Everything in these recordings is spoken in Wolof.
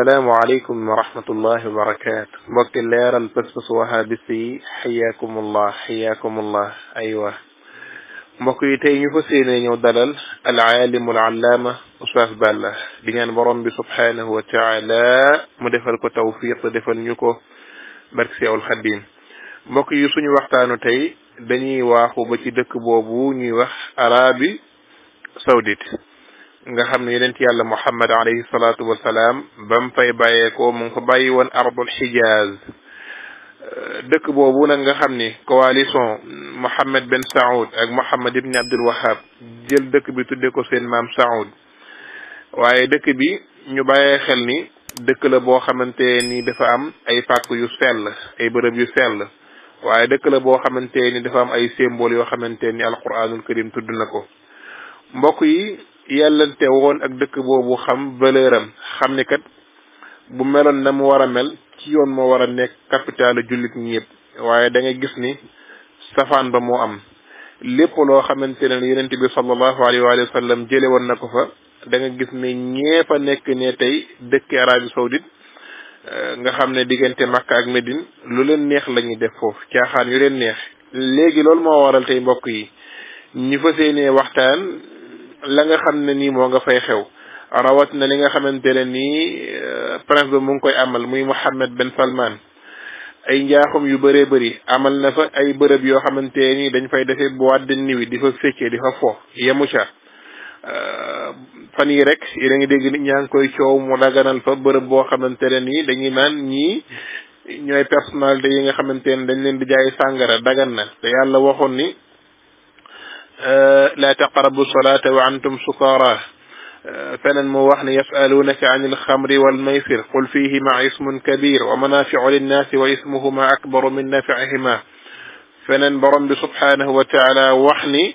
السلام عليكم ورحمة الله وبركاته وقت اللي أرى البسس وهابسي حياكم الله حياكم الله أيوة مقيتين يفسين ينو العالم العلامة أستاذ بالله بنيان برم سبحانه وتعالى مدفل كتوفيق دفل نيكو مركسي أو الخدين مقي يسوني وقتانو تي بني واخو بكي دك بوبو نيوخ عربي سوديت nga xam ne yonent yàlla muhammad alayhi salaatu wasalaam ba mu fay bàyyeekoo mu ngi fa bàyyi woon ardul hijaz dëkk boobu nag nga xam ni coalition Mohammed Ben Saoud ak Mohammed Ibn Abdul Wahab jël dëkk bi tudde ko seen maam Saoud waaye dëkk bi ñu bàyyee xel ni dëkk la boo xamante ni dafa am ay pàkk yu sell ay bërëb yu sell waaye dëkk la boo xamante ni dafa am ay symbole yoo xamante ni alquranul karim tudd na ko mbokk yi yàllante woon ak dëkk boobu xam valeur am xam ni kat bu meloon na mu war a mel ci yoon moo war a nekk capitalu jullit ñi yëpp waaye da nga gis ni safaan ba moo am lépp loo xamante ne yonent bi sallallahu alayhi wa sallam jële woon na ko fa da nga gis ne a nekk ne tey dëkki Arabie Saoudite euh, nga xam ne diggante Makka ak Medine lu leen neex la def foofu caaxaan yu leen neex léegi loolu moo waral tey mbokk yi ñu fas yéenee waxtaan la nga xam ne nii moo nga fay xew rawat na li nga xamante ne nii euh, prince ba mu ngi koy amal muy Mohammed Ben Salman ay njaaxum yu bëree bëri amal na fa ay bërëb yoo xamante ni dañ fay defee boîte de nuit di fa fekkee di fa fo yemu ca euh, fan yi rek yéen a ngi dégg nit ñaa ngi koy coow mu daganal fa bërëb boo xamante ne nii dañuy naan ñii ñooy personnalité yi nga xamante ne dañ leen di jaay sàngara dagan na te yàlla waxoon ni آه، لا تقربوا الصلاة وعنتم سكارى آه، فلما وحن يسألونك عن الخمر والميسر قل فيه مع اسم كبير ومنافع للناس واسمهما أكبر من نفعهما فننبرا بسبحانه وتعالى وحني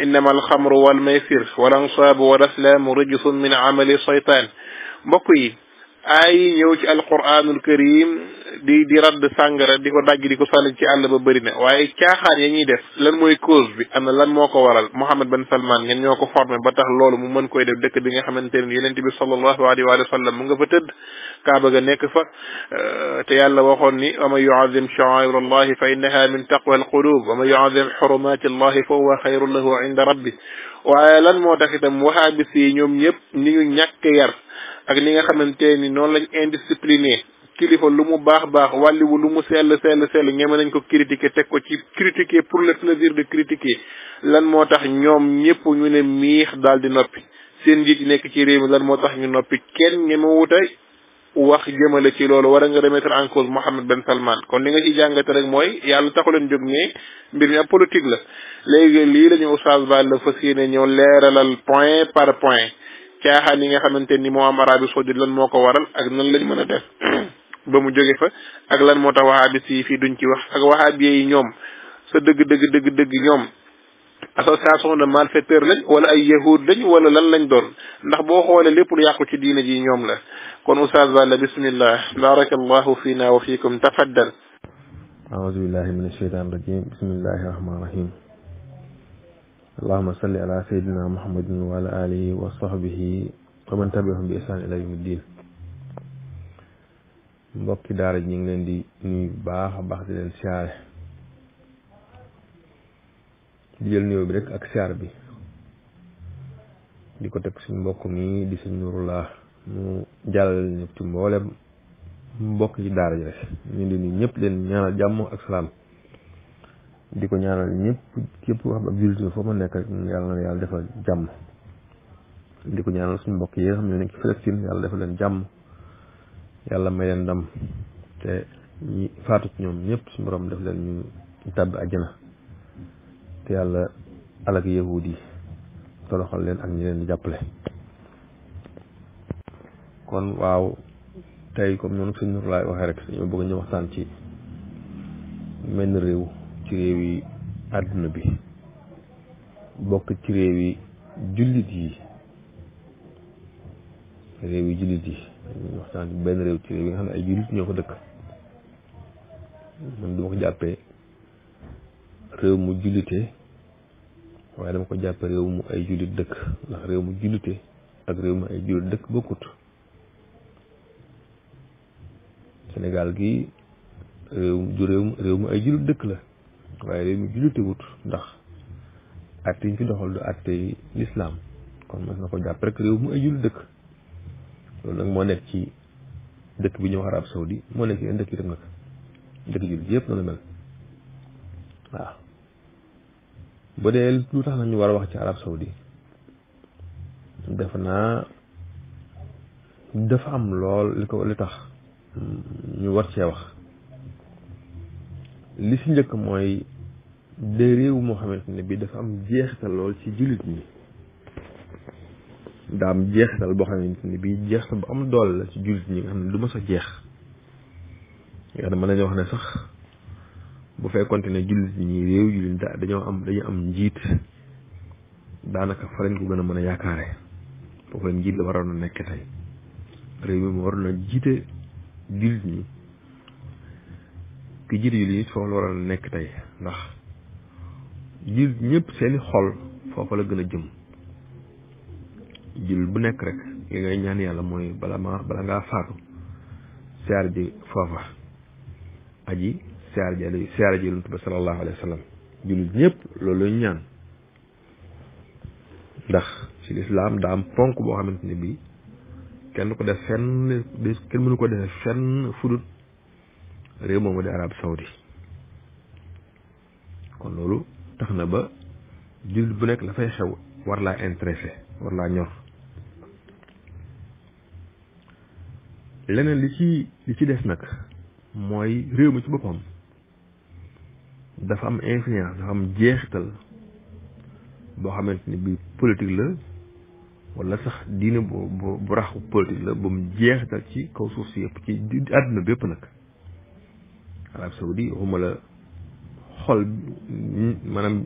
إنما الخمر والميسر والأنصاب والأسلام رجس من عمل الشيطان بقي ay ñëw ci alquranul karim di di rad sàngara di ko dagg di ko sànni ci àll ba bëri na waaye caaxaan ya ñuy def lan moy cause bi ana lan moko waral Mohammed ben Salman ngeen ñoko formé ba tax loolu mu mën koy def dëkk bi nga xamanteni ne yeneen bi sallallahu alaihi wa sallam mu nga fa tëdd kaaba ga nekk fa te yàlla waxon ni ama yuazim sha'air allah fa innaha min taqwa alqulub wa man yuazim hurumat allah fa huwa khairun lahu inda rabbi waaye lan mo tax itam wahabisi ñom ñep ni ñu ñak yar ak ni nga xamante ni noonu lañ indiscipliné kilifa lu mu baax baax wàlliwu lu mu sell sell sell ñeme nañ ko critiquer teg ko ci critiquer pour le plaisir de critiquer lan moo tax ñoom ñëpp ñu ne miix daal di noppi seen njiit yi nekk ci réew mi lan moo tax ñu noppi kenn ñeme wuta wax jëmale ci loolu war a nga remettre en cause Mohammed Ben Salman kon li nga ci jàngate rek mooy yàlla taxu leen jóg ne mbir mi ab politique la léegi lii la ñu Oustaz Ba la fas yéene ñëw leeralal point par point caaxaan yi nga xamante ni moo am Arabie Saoudite lan moo ko waral ak nan lañ mën a def ba mu jóge fa ak lan moo tax wahabi si fii duñ ci wax ak wahabi yi ñoom sa dëgg dëgg dëgg dëgg ñoom association de malfaiteur lañ wala ay yahud lañ wala lan lañ doon ndax boo xoolee lépp lu yàqu ci diina ji ñoom la kon oustaz Balla bismillah barakallahu fiina wa fiikum tafaddal aoudu billahi min a rajim bismillahi rahmani rahim Allahumma salli ala sayyidina Muhammadin wa ala alihi wa sahbihi wa man tabi'ahum bi ihsan ila yawmiddin. Mbokki daara ñi ngi leen di nuyu baax baax di leen siyaare. Di jël nuyoo bi Di ko teg suñ di suñ nurullah mu jal ñëpp ci mboolem mbokk yi daara ji rek. jamu di di ko ñaanal ñëpp képp wax ab jullit fa mu nekk rek yàlla na yàlla defal jàmm di ko ñaanal suñu mbokk yi nga xam ne nekk Palestine yàlla defal leen jàmm yàlla may leen ndam te ñi faatu ci ñoom ñëpp suñu borom def leen ñu tàbb àjjana te yàlla alak yahudi yi toloxal leen ak ñi leen di jàppale kon waaw tey comme noonu suñu laay waxee rek dañoo bëgg ñu waxtaan ci menn réew ci réew àdduna bi bokk ci réew yi jullit yi réew yi jullit yi waxtaan benn réew ci réew yi nga xam ne ay jullit ñoo ko dëkk man duma ko jàppee réew mu jullite waaye dama ko jàppe réew mu ay jullit dëkk ndax réew mu jullite ak réew mu ay jullit dëkk bokkut Sénégal gi réew ju réew réew mu ay jullit dëkk la waaye day mujj lu teewut ndax atte yi ñu fi doxal du atte yi lislaam kon mos na ko jàpp rekk réew mu ay jullit dëkk loolu nag moo nekk ci dëkk bi ñu wax arab saudi moo nekk yeneen dëkk yi tam mel waaw bu dee lu war a wax ci arab saudi def naa dafa am lool li ko li tax ñu war cee wax li si njëkk mooy de réew moo xamante ne bi dafa am jeexital lool ci jullit ñi daa am jeexital boo xamante ne bi jeexital bu am doole la ci jullit ñi nga xam ne du ma sa jeex nga xam ne wax ne sax bu fekkonte ne jullit dañoo am dañu am njiit daanaka fa lañ ko gën a mën a yaakaare foofu la njiit la waroon a nekk tey réew mi moo waroon a jiite jullit ñi ki jiite julli nit foofu la waral nekk tey ndax jil ñëpp seen xol foofa la gën a jëm jil bu nekk rek li ngay ñaan yàlla mooy bala ma bala ngaa faatu siyaar ji foofa aji siyaar ji ali siyaar ji yonent bi sallallahu alayhi wa sallam julit ñëpp loolu lañu ñaan ndax ci lislaam daa am ponk boo xamante ne bii kenn ko def fenn kenn mënu ko def fenn fudut réew moomu di arab saudi kon loolu tax na ba jullit bu nekk dafay xew war laa intéressé war laa ñor leneen li ci li ci des nag mooy réew mi ci boppam dafa am influence dafa am jeexital boo xamante ni bi politique la wala sax diine bu bu bu raxu politique la bu mu jeexital ci kaw suuf si yëpp ci àdduna bépp nag arab saudi waxuma la xol maanaam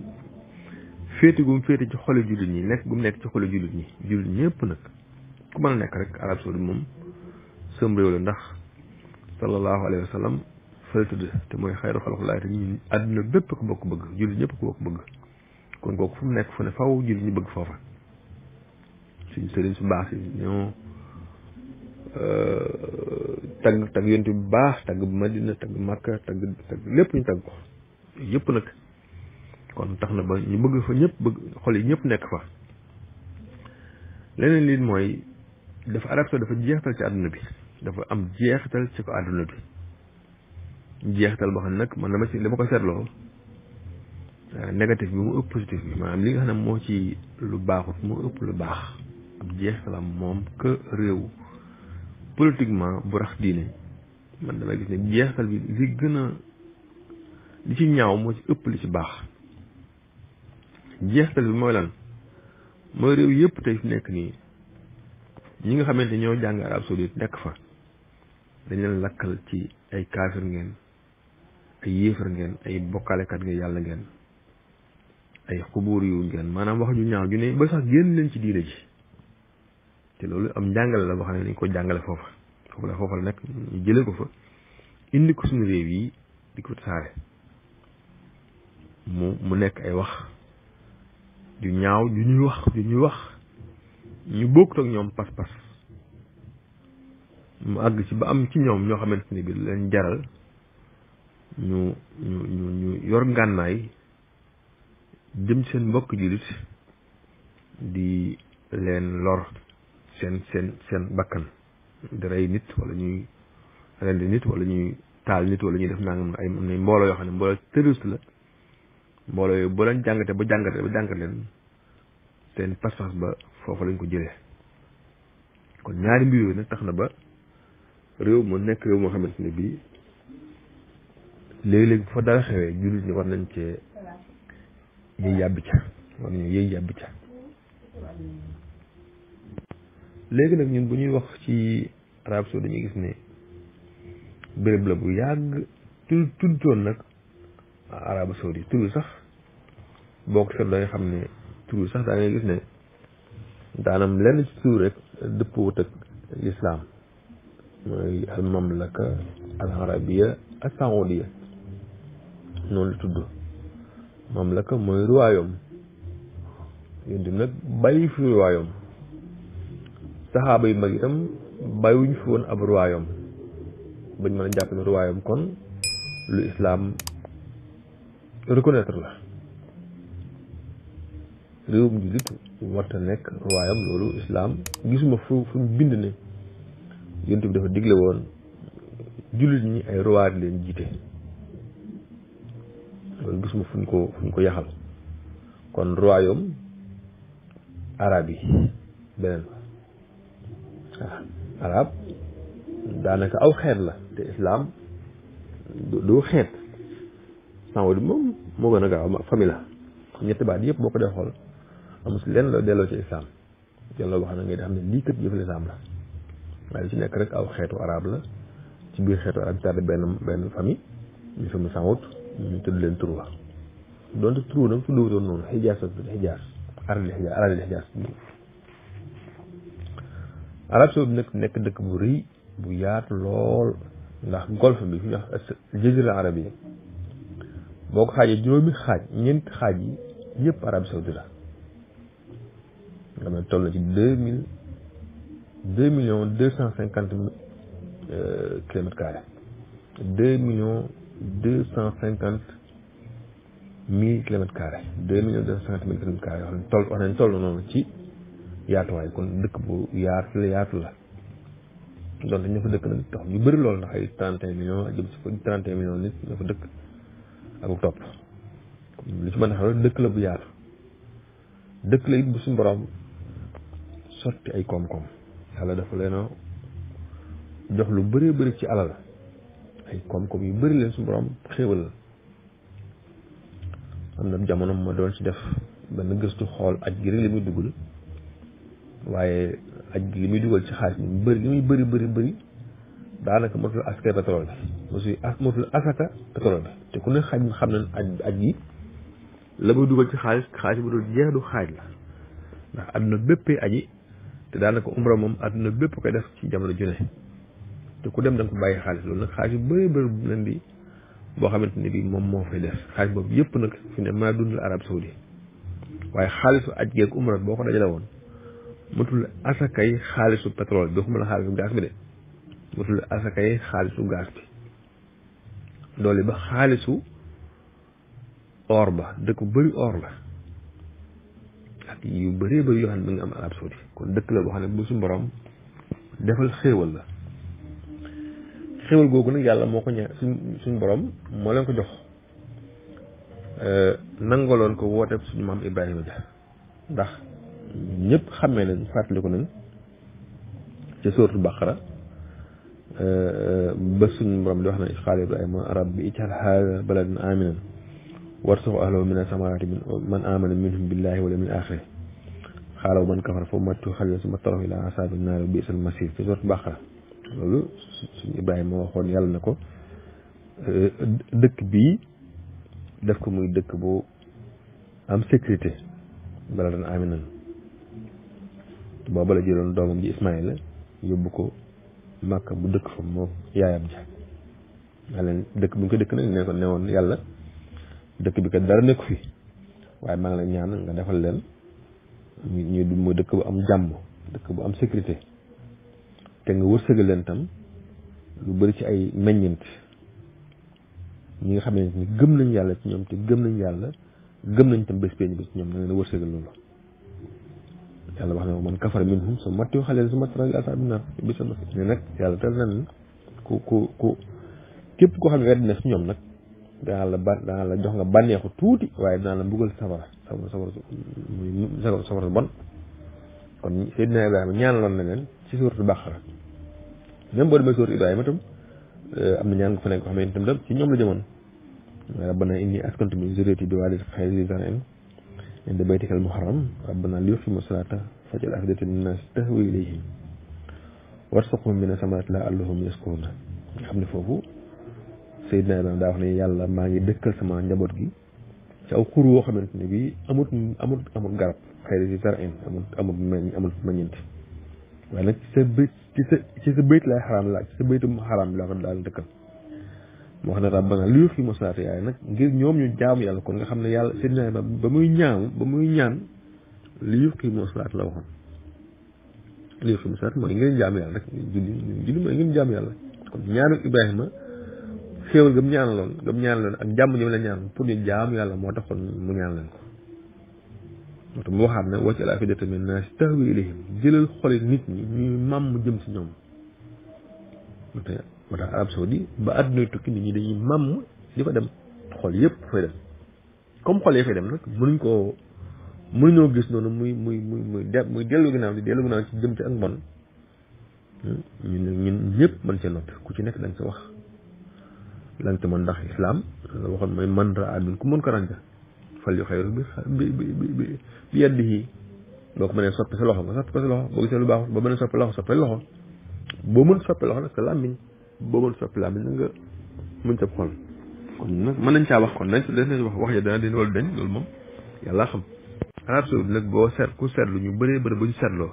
féete gu mu féete ci xolu jullit ñi nekk gu nekk ci xolu jullit ñi jullit ñëpp nag ku mën a nekk rek arab saudi moom sëm réew la ndax sallallahu alayhi wa sallam fële tëdd te mooy xayru xalqullaah te ñun àdduna bépp ko bokk bëgg jullit ñëpp ko bokk bëgg kon kooku fu mu nekk fu ne faw jullit ñu bëgg foofa suñ sëriñ su baax si ñoo Eh, tag tag yonte bu baax bu madina tag makka tag tag lepp ñu tag ko yépp nak kon taxna ba ñu bëgg fa ñëpp bëgg xol yi ñëpp nekk fa leneen li mooy dafa arab so dafa jeexal ci aduna bi dafa am jeexal ci ko aduna bi jeexal bo xam nak man dama ci dama ko sétlo eh, négatif bi mu ëpp positif bi manam li nga xam moo ci lu baaxut mu ëpp lu baax ab jeexal moom que réew politiquement bu rax diine man dama gis ne jeexal bi li gën a li ci ñaaw moo ci ëpp li ci baax jeexal bi mooy lan mooy réew yépp tey fi nekk nii ñi nga xamante ñoo jàng arab saudite nekk fa dañ leen lakkal ci ay kaafir ngeen ay yéefar ngeen ay bokkaalekat nga yàlla ngeen ay xubuur yu ngeen maanaam wax ju ñaaw ju ne ba sax génn leen ci diine ji te loolu am jàngale la boo xam ne dañ ko jàngale foofa foofu la foofa la nag ñu jële ko fa indi ko suñu réew yi di ko tasaare mu mu nekk ay wax ju ñaaw ju ñuy wax ju ñuy wax ñu bokk ak ñoom pas-pas mu àgg ci ba am ci ñoom ñoo xamante ni bi leen jaral ñu ñu ñu ñu yor ngànnaay jëm seen mbokk julit di leen lor sen sen sen bakkan di rey nit wala ñuy rendi nit wala ñuy taal nit wala ñuy def nangam ay am na mbooloo yoo xam ne mbooloo terroriste la mbolo yo bu lañ jangate bu jangate bu jàngat len sen pas-pas ba fofu lañ ko jëlé kon ñaari mbir yooyu nak taxna ba rew mu nek rew mo xamanteni bi bii fa dara xewee jullit ñi war nañ ci yëy yabbi ca war nañu yëy yàbb ca léegi nag ñun bu ñuy wax ci arab saudi dañuy gis ne béréb la bu yàgg tudd tuddutoon nag arab saudi tudd sax boo ko seet da xam ne tudd sax daa ngay gis ne daanam lenn ci tudd rek dëppwut ak lislaam mooy al mamlaka al arabiya ak saoudiya noonu tudd mamlaka mooy ruwaayom yéen nag bàyyi fi ruwaayom saxaaba yu mag itam bàyyiwuñ fi woon ab ruwaayam bañ mën a jàpp ne kon lu islaam reconnaître la réewum jullit warta nekk ruwaayam loolu islaam gisuma fu fu bind ne yonent bi dafa digle woon jullit ñi ay ruwaat leen jiite loolu gisuma fuñ ko fuñ ko yaxal kon ruwaayam arab yi beneen arab daanaka aw xeet la te islam du xeet sanwa bi moom moo gën a gaaw ma famille la ñetti baat yëpp boo ko dee xool amul si lenn la delloo ci islam yàlla wax na ngay xam ne lii kat yëf lislaam la waaye ci nekk rek aw xeetu arab la ci biir xeetu arab tardé benn benn famille ñu fi mu sanwut ñu tudd leen turu donte turu nag tudd wutoon noonu xijaas la tudd xijaas arali xijaas arali Arabie Saoudite nag nekk bu bu golfe bi la toll ci deux deux millions deux cent cinquante euh, deux millions deux cent toll toll yaatuwaay kon dëkk bu yaatu la yaatu la doon dañ fa dëkk nag tax ñu bëri lool ndax ay trente millions jëm si fa trente millions nit ñoo fa dëkk ak topp li ci mën a xam dëkk la bu yaatu dëkk la it bu suñu borom sotti ay koom-koom yàlla dafa leen a jox lu bëree bëri ci alal ay koom-koom yu bëri leen suñu borom am na jamono ma doon ci def benn gëstu xool aj gi rek li muy waaye aj li muy dugal ci xaalis bi bëri li muy bëri bëri bëri daanaka motul askan pétrole bi mosul as motul asaka pétrole bi te ku ne xaj xam ne aj aj yi la muy dugal ci xaalis xaalis bu dul jeex du xaaj la ndax àdduna béppee aji te daanaka umra moom àdduna bépp koy def ci jamono ju te ku dem da nga ko bàyyi xaalis loolu nag xaalis yu bari bëri nañ bi boo xamante ne bi moom moo fay def xaalis boobu yëpp nag fi ne maa dund arab saudi waaye xaalisu aj geeg umra boo ko dajale woon matul asakay xaalisu pétrole bi waxuma la xaalisu gaz bi de matul asakay xaalisu gaz bi doole ba xaalisu or ba dëkk bu bëri or la ak yu bëree bëri yoo xam ngi am Arab Saoudi kon dëkk la boo xam ne bu suñu borom defal xéewal la xéewal googu nag yàlla moo ko ña suñ suñu borom moo leen ko jox euh, nangaloon ko woote suñu maam Ibrahima bi ndax ñëpp xamé nañ fatlikou nañ ci al baqara ba suñu borom di wax na xaal ibrahima rabbi ijal haada baladan aminan warsuq ahlahu min asamawati min man amana minhum billahi wal yawmil akhir xaalaw man kafara fa matu xalil suma taraw ila asabi naari bi isal masir ci suratul baqara loolu suñ ibrahima waxoon yàlla na ko dëkk bii def ko muy dëkk bu am sécurité baladan aminan booba la jëloon doomam ji Ismaïla yóbbu ko Màkka bu dëkk fa moom yaayam ja ma leen dëkk bu ñu ko dëkk nag ne woon yàlla dëkk bi ko dara nekku fi waaye maa ngi la ñaan nga defal leen ñu mu dëkk bu am jàmm dëkk bu am sécurité te nga wërsëgal leen tam lu bari ci ay meññeent ñi nga xam ne ni gëm nañ yàlla ci ñoom te gëm nañ yàlla gëm nañ tam bés bee ñu ci ñoom na leen wërsëgal loolu yalla wax na man kafar minhum sa matti xaleel su mat ragal asaabi naar bisa mas ne nak yalla tal nan ku ku ku kep ko xam ne wedd na ci ñom nak da la ba da la jox nga banexu tuti waye da la mbugal sabar sabar sabar muy safara sabar bon kon ibrahim ñaan lan na len ci suuratu baqara même bo dem suuratu ibrahim tam eh, am na ñaan ko fa nekk xamé tam ci ñom la jëmon rabbana inni askantu min zuriyati bi wadi xayri zarin inda baytika al-muharram rabbana li yuqimu salata faj'al afidatan min nas tahwi ilayhim warzuqhum mina samarati la'allahum yashkuruna nga xam ne foofu Seydina Ibrahima daa wax ne yàlla maa ngi dëkkal sama njaboot gi ci aw xur woo xamante ne bii amut amut amut garab xëy na si zarin amut amut meñ amut meññeent waaye nag ci sa bëy ci sa ci sa bëyt lay xaraam laa ci sa bëytum xaraam laa ko daal dëkkal mu wax ne rabbana li yuqimu salaata yaay nag ngir ñoom ñu jaamu yàlla kon nga xam ne yàlla Seydina Ibrahima ba muy ñaamu ba muy ñaan li yuqimu salaata la waxoon li yuqimu salaata mooy yàlla mooy ngeen jaamu yàlla kon ñaanu Ibrahima xéewal gam ñaan loon gam ñaan loon ak jàmm jëm la ñaan pour ñu jaamu yàlla moo taxoon mu ñaan leen ko moo tax mu waxaat ne waccal afidata min naas tahwi ilayhim jëlal xoli nit ñi ñuy màmm jëm si ñoom moo tax arab saudi ba àdduna tukki nit ñi dañuy màmm di fa dem xol yëpp fay dem comme xol yee fay dem nag mënuñ koo mënuñoo gis noonu muy muy muy muy de muy dellu ginnaaw di dellu ginnaaw ci jëm ci ak mbon hmm? ñun ñun ñëpp mën cee noppi ku ci nekk da nga ci wax la nga ci mën ndax islam la waxoon mooy man raa amin ku mën ko rànca fal yu xayru bi bi bi bi bi yadihi boo ko mënee soppi sa loxo nga soppi sa loxo boo gisee lu baaxul boo mënee soppi loxo soppi loxo boo mën soppi boo mën laa bi na nga mën sab xol kon nag mën nañ caa wax kon nañ des wax wax ja dana din xam arab seet ku ñu bëree bëri bu ñu seetloo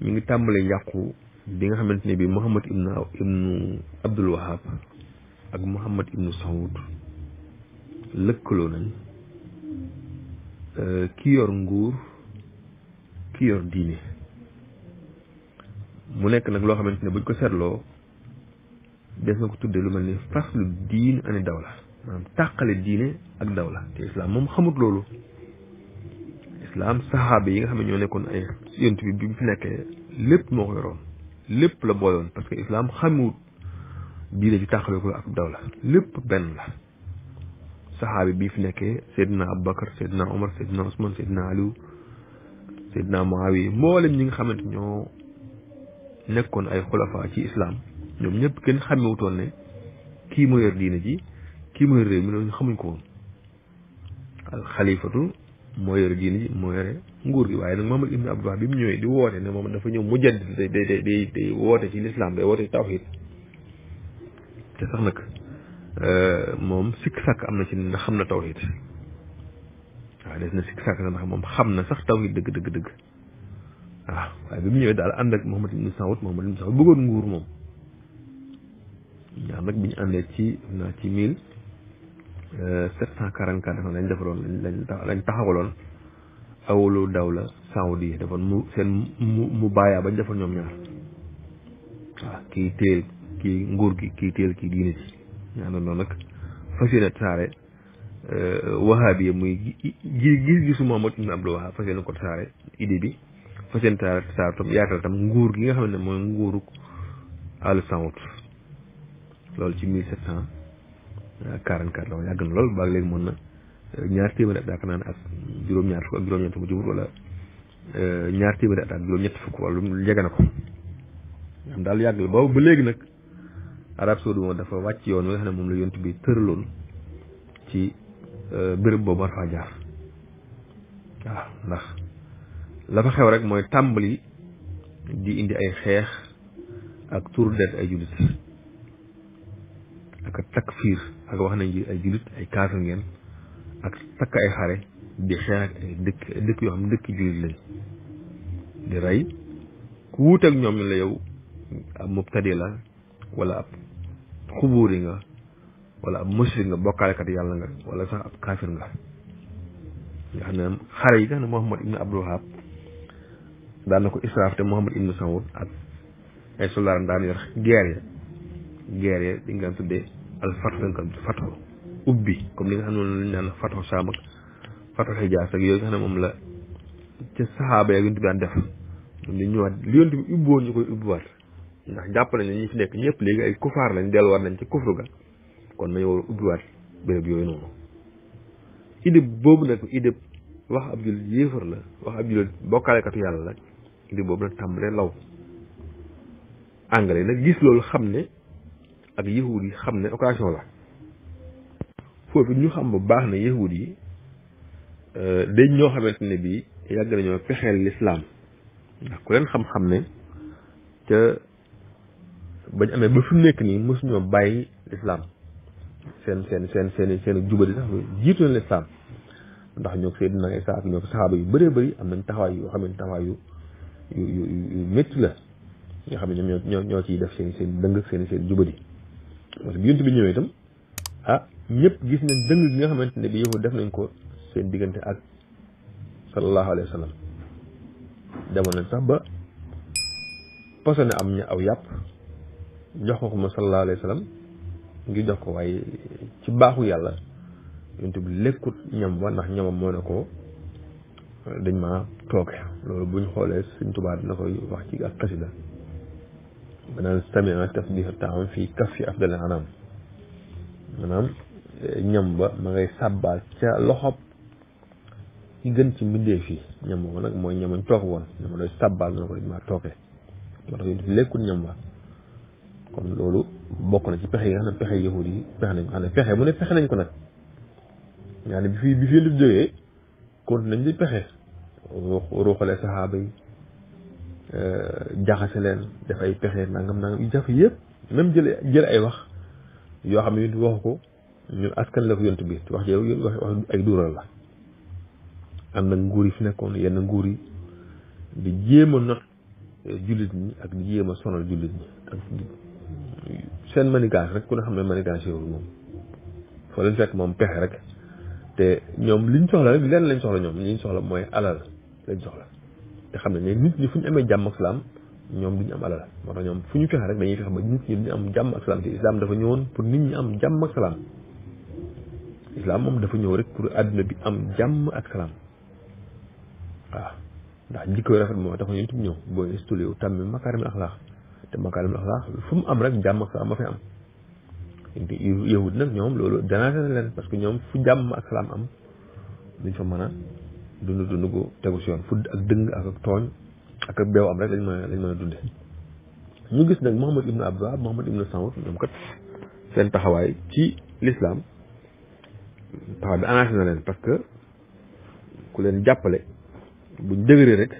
mi ngi tàmbalee njàqu bi nga xamante ne bi Muhammad ibnu ibnu Abdul Wahab lëkkaloo nañ euh, ki yor nguur ki yor mu nekk nag loo xamante ne buñ ko seetloo des na ko tudde lu mel ni faslu diin ani dawla maanaam tàqale diine ak dawla te islam moom xamut loolu islam saxaabi yi nga xam ñoo nekkoon ay yonent bi fi nekkee lépp moo lépp la booyoon parce que islam xamut diine ci tàqale ko ak dawla lépp benn la bi fi nekkee Seydina Aboubacar Seydina Omar Seydina Ousmane Seydina Aliou Seydina Muawiya mboolem ñi nga xamante ñoo nekkoon ay xulafa ci islam ñoom ñëpp kenn xàmmewutoon ne kii moo yor diine ji kii moo yor réew mi loolu xamuñ ko woon al xalifatu moo yore diine ji moo yore nguur gi waaye nag Muhammad bi mu ñëwee di woote ne moom dafa ñëw mu jedd day day woote ci lislaam day woote ci tawxiid sax nag euh, moom sikk sàkk am na ci ndax xam na tawxiid waaw des na sikk sàkk na ndax moom xam na sax tawxiid dëgg dëgg dëgg waaye bi mu ñëwee daal ànd ak Muhammad ibn Saoud Muhammad ibn Saoud bëggoon nguur moom ñaar nag bi ci naa ci mille euh, sept cent quarante quatre dafa lañ defaroon lañ lañ taxawaloon awalu dawla saudi mu seen mu mu baayaa bañ defoon ñoom ñaar waaw kii téel kii nguur gi kii téel kii diine ci ñaan noonu nag fas yéene tasaare euh, gi gis-gisu Muhammad ibn Abdul Wahab fas ko tasaare idée bi fas yéene tasaare tam yaatal tam nguur gi nga xam ne mooy nguuruk àll saoud loolu ci mille sept cent quarante loolu la woon yàgg na lool baag léegi mën na euh, ñaar téeméeri at yaakaar naa ne ak juróom-ñaar fukk ak juróom-ñett bu jubur euh, ñaar téeméeri at juróom-ñett fukk wala lu jege na ko am daal yàgg la boobu ba léegi nag arab saudi moom dafa wàcc yoon wi nga ne moom la yont bi tëraloon ci euh, béréb boobu war faa jaar waaw rek mooy tàmbali di indi ay xeex ak tur det ay jullit ak takfiir ak wax nañ ay jullit ay kaafir ngeen ak takk ay xare di xeex ak dëkk dëkk yoo xam dëkk jullit lañ di rey ku wuuteeg ñoom ñu la yow ab mubtadi la ab xubuuri nga wala ab musrik nga bokkaalekat yàlla nga walla sax ab kaafir nga nga xam ne xare yi nga xam ne Muhammad ibnu Abdul Wahab daan na ko israaf te Muhammad ibnu Sawud ak ay soldaar daan yor guerre ya guerre ya di nga tuddee al fatxu nga fatxu ubbi comme li nga xam ne moom la ñu naan fatxu saam ak fatxu xijaas ak yooyu nga xam ne moom la ca saxaaba yaa ngi daan def ñoom dañu ñëwaat li yonent bi ubbi woon ñu koy ubbiwaat ndax jàpp nañ ne ñi fi nekk ñëpp léegi ay kufaar lañ delluwaat nañ ci kufru ga kon nañu war a ubbiwaat béréb yooyu noonu idée boobu nag idée wax ab jullit yéefar la wax ab jullit bokkaalekatu yàlla la idée boobu nag tàmbalee law anglais nag gis loolu xam ne ak yahuud yi xam ne occasion la foofu ñu xam bu baax ne yahuud yi euh, dañ ñoo xamante ne bii yàgg nañoo pexeel lislaam ndax ku leen xam-xam ne ca bañ amee ba fi nekk nii mosuñoo bàyyi lislaam seen seen seen seen seen jubadi sax jiitu na lislaam ndax ñoo ko Seydina Isa ak ñoo ko saxaaba yu baree bari am nañ taxawaay yoo xam ne taxawaay yu yu yu métti la xam ne ñoom ñoo ñoo ciy def seen seen seen seen jubadi parce que bi yonent bi ñëwee itam ah ñëpp gis nañ dëng gi nga xamante ne bi yëfu def nañ ko seen diggante ak sallallahu alayhi wa sallam demoon nañ sax ba posone am ña aw yàpp jox ko ko ma sallallahu alayhi wa sallam jox ko waaye ci baaxu yàlla yonent bi lekkut ñam wa ndax ñamam moo ne ko dañ ma tooge loolu buñ xoolee Sëñ Tuubaa na koy wax ci ak xasida من نستمع إلى التسبيح التعاون في كفي أفضل الأنام منام نيمبا ما غي سابا تا لوخوب كي گن تي مندي في نيمبا نك موي نيمبا توخ وون نيمبا لو سابا نك ما توخي ما دوي ليكون نيمبا كون لولو بوكو نتي بخي نانا بخي يهودي بخ نانا خانا بخي مو ني بخ نانكو نك يعني بي في بي في لب جوي كون نان دي بخي روخ روخ لي صحابي Euh, jaxase leen def ay pexe nangam nangam yu jafe yëpp même jële jël ay wax yoo xam ne yonent waxu ko ñun askan la ko yonent bi wax yow yéen wax ay duural la am na nguur yi fi nekkoon yenn nguur yi di jéem a not euh, jullit ñi ak di jéem a sonal jullit ñi seen manigage rek ku ne xam ne manigage yooyu moom foo leen fekk moom pexe rek te ñoom liñ soxla leen lañ soxla ñoom liñ soxla mooy alal lañ soxla te xam ne ne nit ñi fu ñu amee jàmm ak salaam ñoom duñu am alal moo tax ñoom fu ñu fexe rek dañuy fexe ba nit ñi duñu am jàmm ak salaam te islam dafa ñëwoon pour nit ñi am jàmm moom dafa ñëw rek pour adduna bi am jàmm ak salaam waaw ndax jikko rafet moom dafa ñëw ñëw booy stulé wu tàmmi makaarimul axlaax te makaarimul axlaax fu mu am rek jàmm ak salaam ma fay am yahud nag ñoom loolu déranger na leen parce que ñoom fu jàmm ak salaam am duñ fa mën a dund dund gu tegu si yoon fudd ak dëng ak ak tooñ ak ak beew am rek lañ mën a lañ mën dunde ñu gis nag Mouhamad ibnu Abdul Wahab Mouhamad ibnu Saoud ñoom kat seen taxawaay ci lislaam taxawaay bi arrangé na leen parce que ku leen jàppale buñ dëgëree rek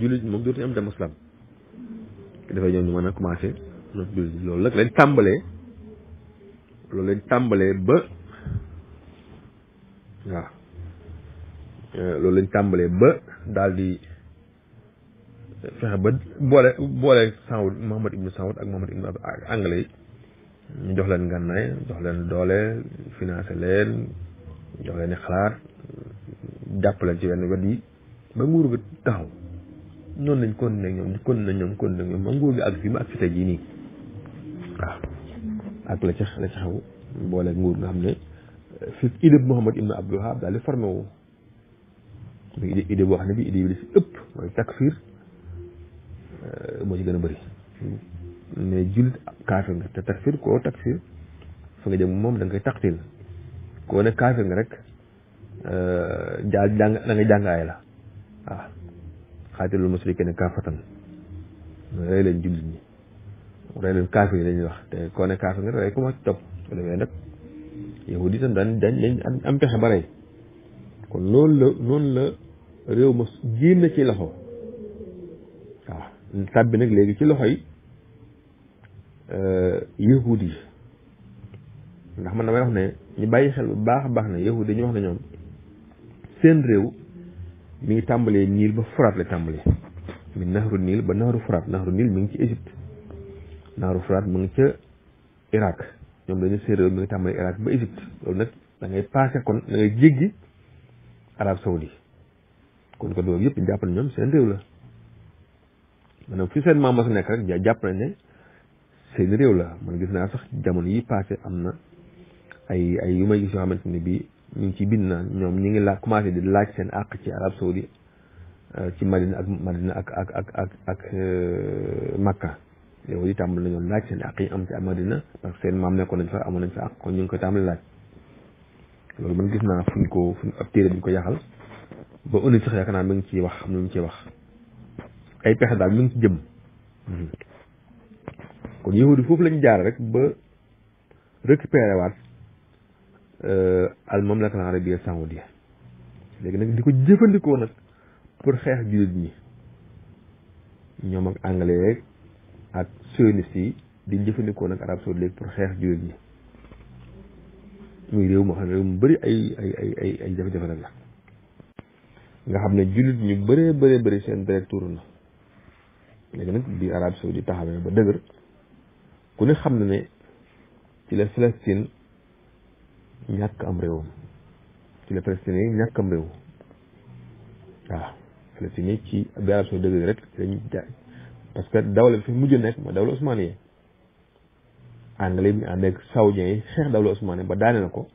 jullit moom dootuñu am dem islam dafay ñoom ñu mën a commencé loolu nag lañ tàmbalee loolu lañ tàmbalee ba waaw Euh, loolu lañ tàmbalee ba daal di fexe ba boole boole Saoud Mohammed ibnu Saoud ak Mohammed ibnu ak anglais ñu jox leen ngànnaay jox leen doole financé leen jox leen i xalaat jàppale ci wenn wet yi ba gi taxaw noonu lañ kon ne ñoom kon ne ñoom kon nguur gi ak fi jii nii la ca la ca xaw boole nguur nga xam ne fi idëb Mohammed ibnu Abdul Wahab daal di formé idée idée boo xam ne bi idée bi li ëpp mooy takfir moo eh, ci gën a bëri ne julit kaafir nga te takfir koo takfir fa nga jëm moom da nga koy taqtil koo ne kaafir nga rek eh, jaal jàng da nga jàngaay la waaw ah. xaatilul musrikin kaafatan rey leen julit ñi rey leen kaafir lañuy wax te koo ne kaafir nga rek ko ma ci topp su demee nag yahudi tam daan dañ dañ am pexe ba rey kon loolu la noonu la réew ma génn ci loxo waaw tàbbi nag léegi ci loxo yi euh, yahud yi ndax man damay wax ne ñu bàyyi xel bu baax baax ne yahud yi ñu wax ne ñoom seen réew mi ngi tàmbalee niil ba furaat la tàmbalee mi nahru niil ba nahru furaat nahru niil mi ngi ci Égypte nahru furaat mu ngi ci Irak ñoom dañu seen réew mi ngi tàmbalee Irak ba Égypte loolu nag da ngay kon da jéggi Arab Saoudi kon kon loolu yëpp jàpp ñoom seen réew la maanaam fi seen nekk rek jàpp nañ la man gis naa sax jamono yi passé am na ay ay yu may gis yoo xamante ni bii ñu ngi ci bind naan ñoom ñu ngi la commencé di laaj seen àq ci arab saudi euh, ci madina ak madina ak ak ak ak ak euh, makka yow yi nañoo laaj seen àq yi am ci madina parce que seen maam nekkoon nañ fa amoon nañ fa àq kon ñu ngi koy tàmbali laaj loolu man gis naa fuñ ko fuñ téere bi ñu ko yaxal ba ëllëg sax yaakaar naa mi ngi ciy wax mi ngi ciy wax ay pexe daal mi ngi ci jëm kon yahudi foofu lañu jaar rek ba récupéré waat euh, al mamlaka al arabia saoudia léegi nag di ko jëfandikoo nag pour xeex jullit ñi ñoom ak anglais ak sionistes si di jëfandikoo nag arab saoudi léegi pour xeex jullit ñi muy réew moo xam ne mu bari ay ay ay ay ay jafe-jafe la nga xam ne jullit ñu bëree bëree bëri seen deret tuuru na léegi nag bi Arabie Saoudite taxawee ba dëgër ku ne xam na ne ci la Palestine ñàkk am réewam ci la Palestine yi ñàkk am réew waaw Palestine yi ci bi Arabie Saoudite dëgër rek dañuy jaay parce que dawla bi fi mujj nekk mooy dawla Ousmane yi anglais bi ànd ak saoudien yi xeex dawla Ousmane ba daane na ko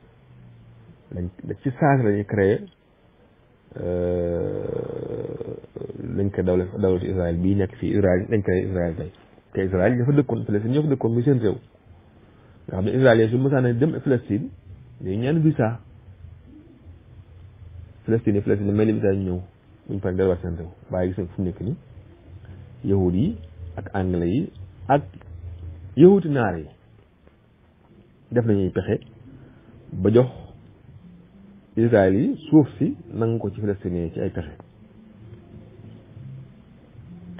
lañ ci saasi lañuy créé Euh, lañ ko dawle dawlatu Israël bii nekk fii Israël dañ koy Israël tey te Israël dafa dëkkoon Palestine ñoo fa dëkkoon muy seen réew nga xam ne Israël su mësaan dem Palestine day ñaan visa Palestine Palestine may la visa ñu ñëw buñ paree delluwaat seen réew waaye gis nga fu nekk nii yahud yi ak anglais yi ak yahuti naar yi def nañuy pexe ba jox Israël yi suuf si nangu ko ci Palestiniens yi ci ay pexe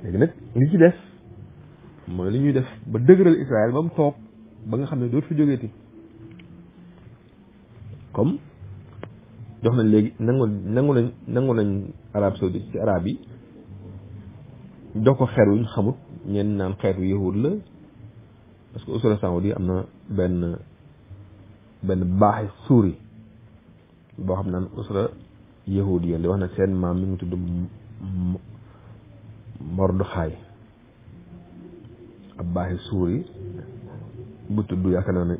léegi nag li ci des mooy li ñuy def ba dëgëral Israël ba mu toog ba nga xam ne dootu fi jógeeti comme jox nañ léegi nangu nangu nañ nangu nañ arab saoudite ci arab yi jox ko xeet wuñ xamut ñenn naan xeetu yahud la parce que usra saoudi am na benn benn baax suuri boo xam naan usra yahudiya li wax na seen maam mi ngi tudd Mordoxaay ab baaxi suuri bu tudd yaakaar naa ne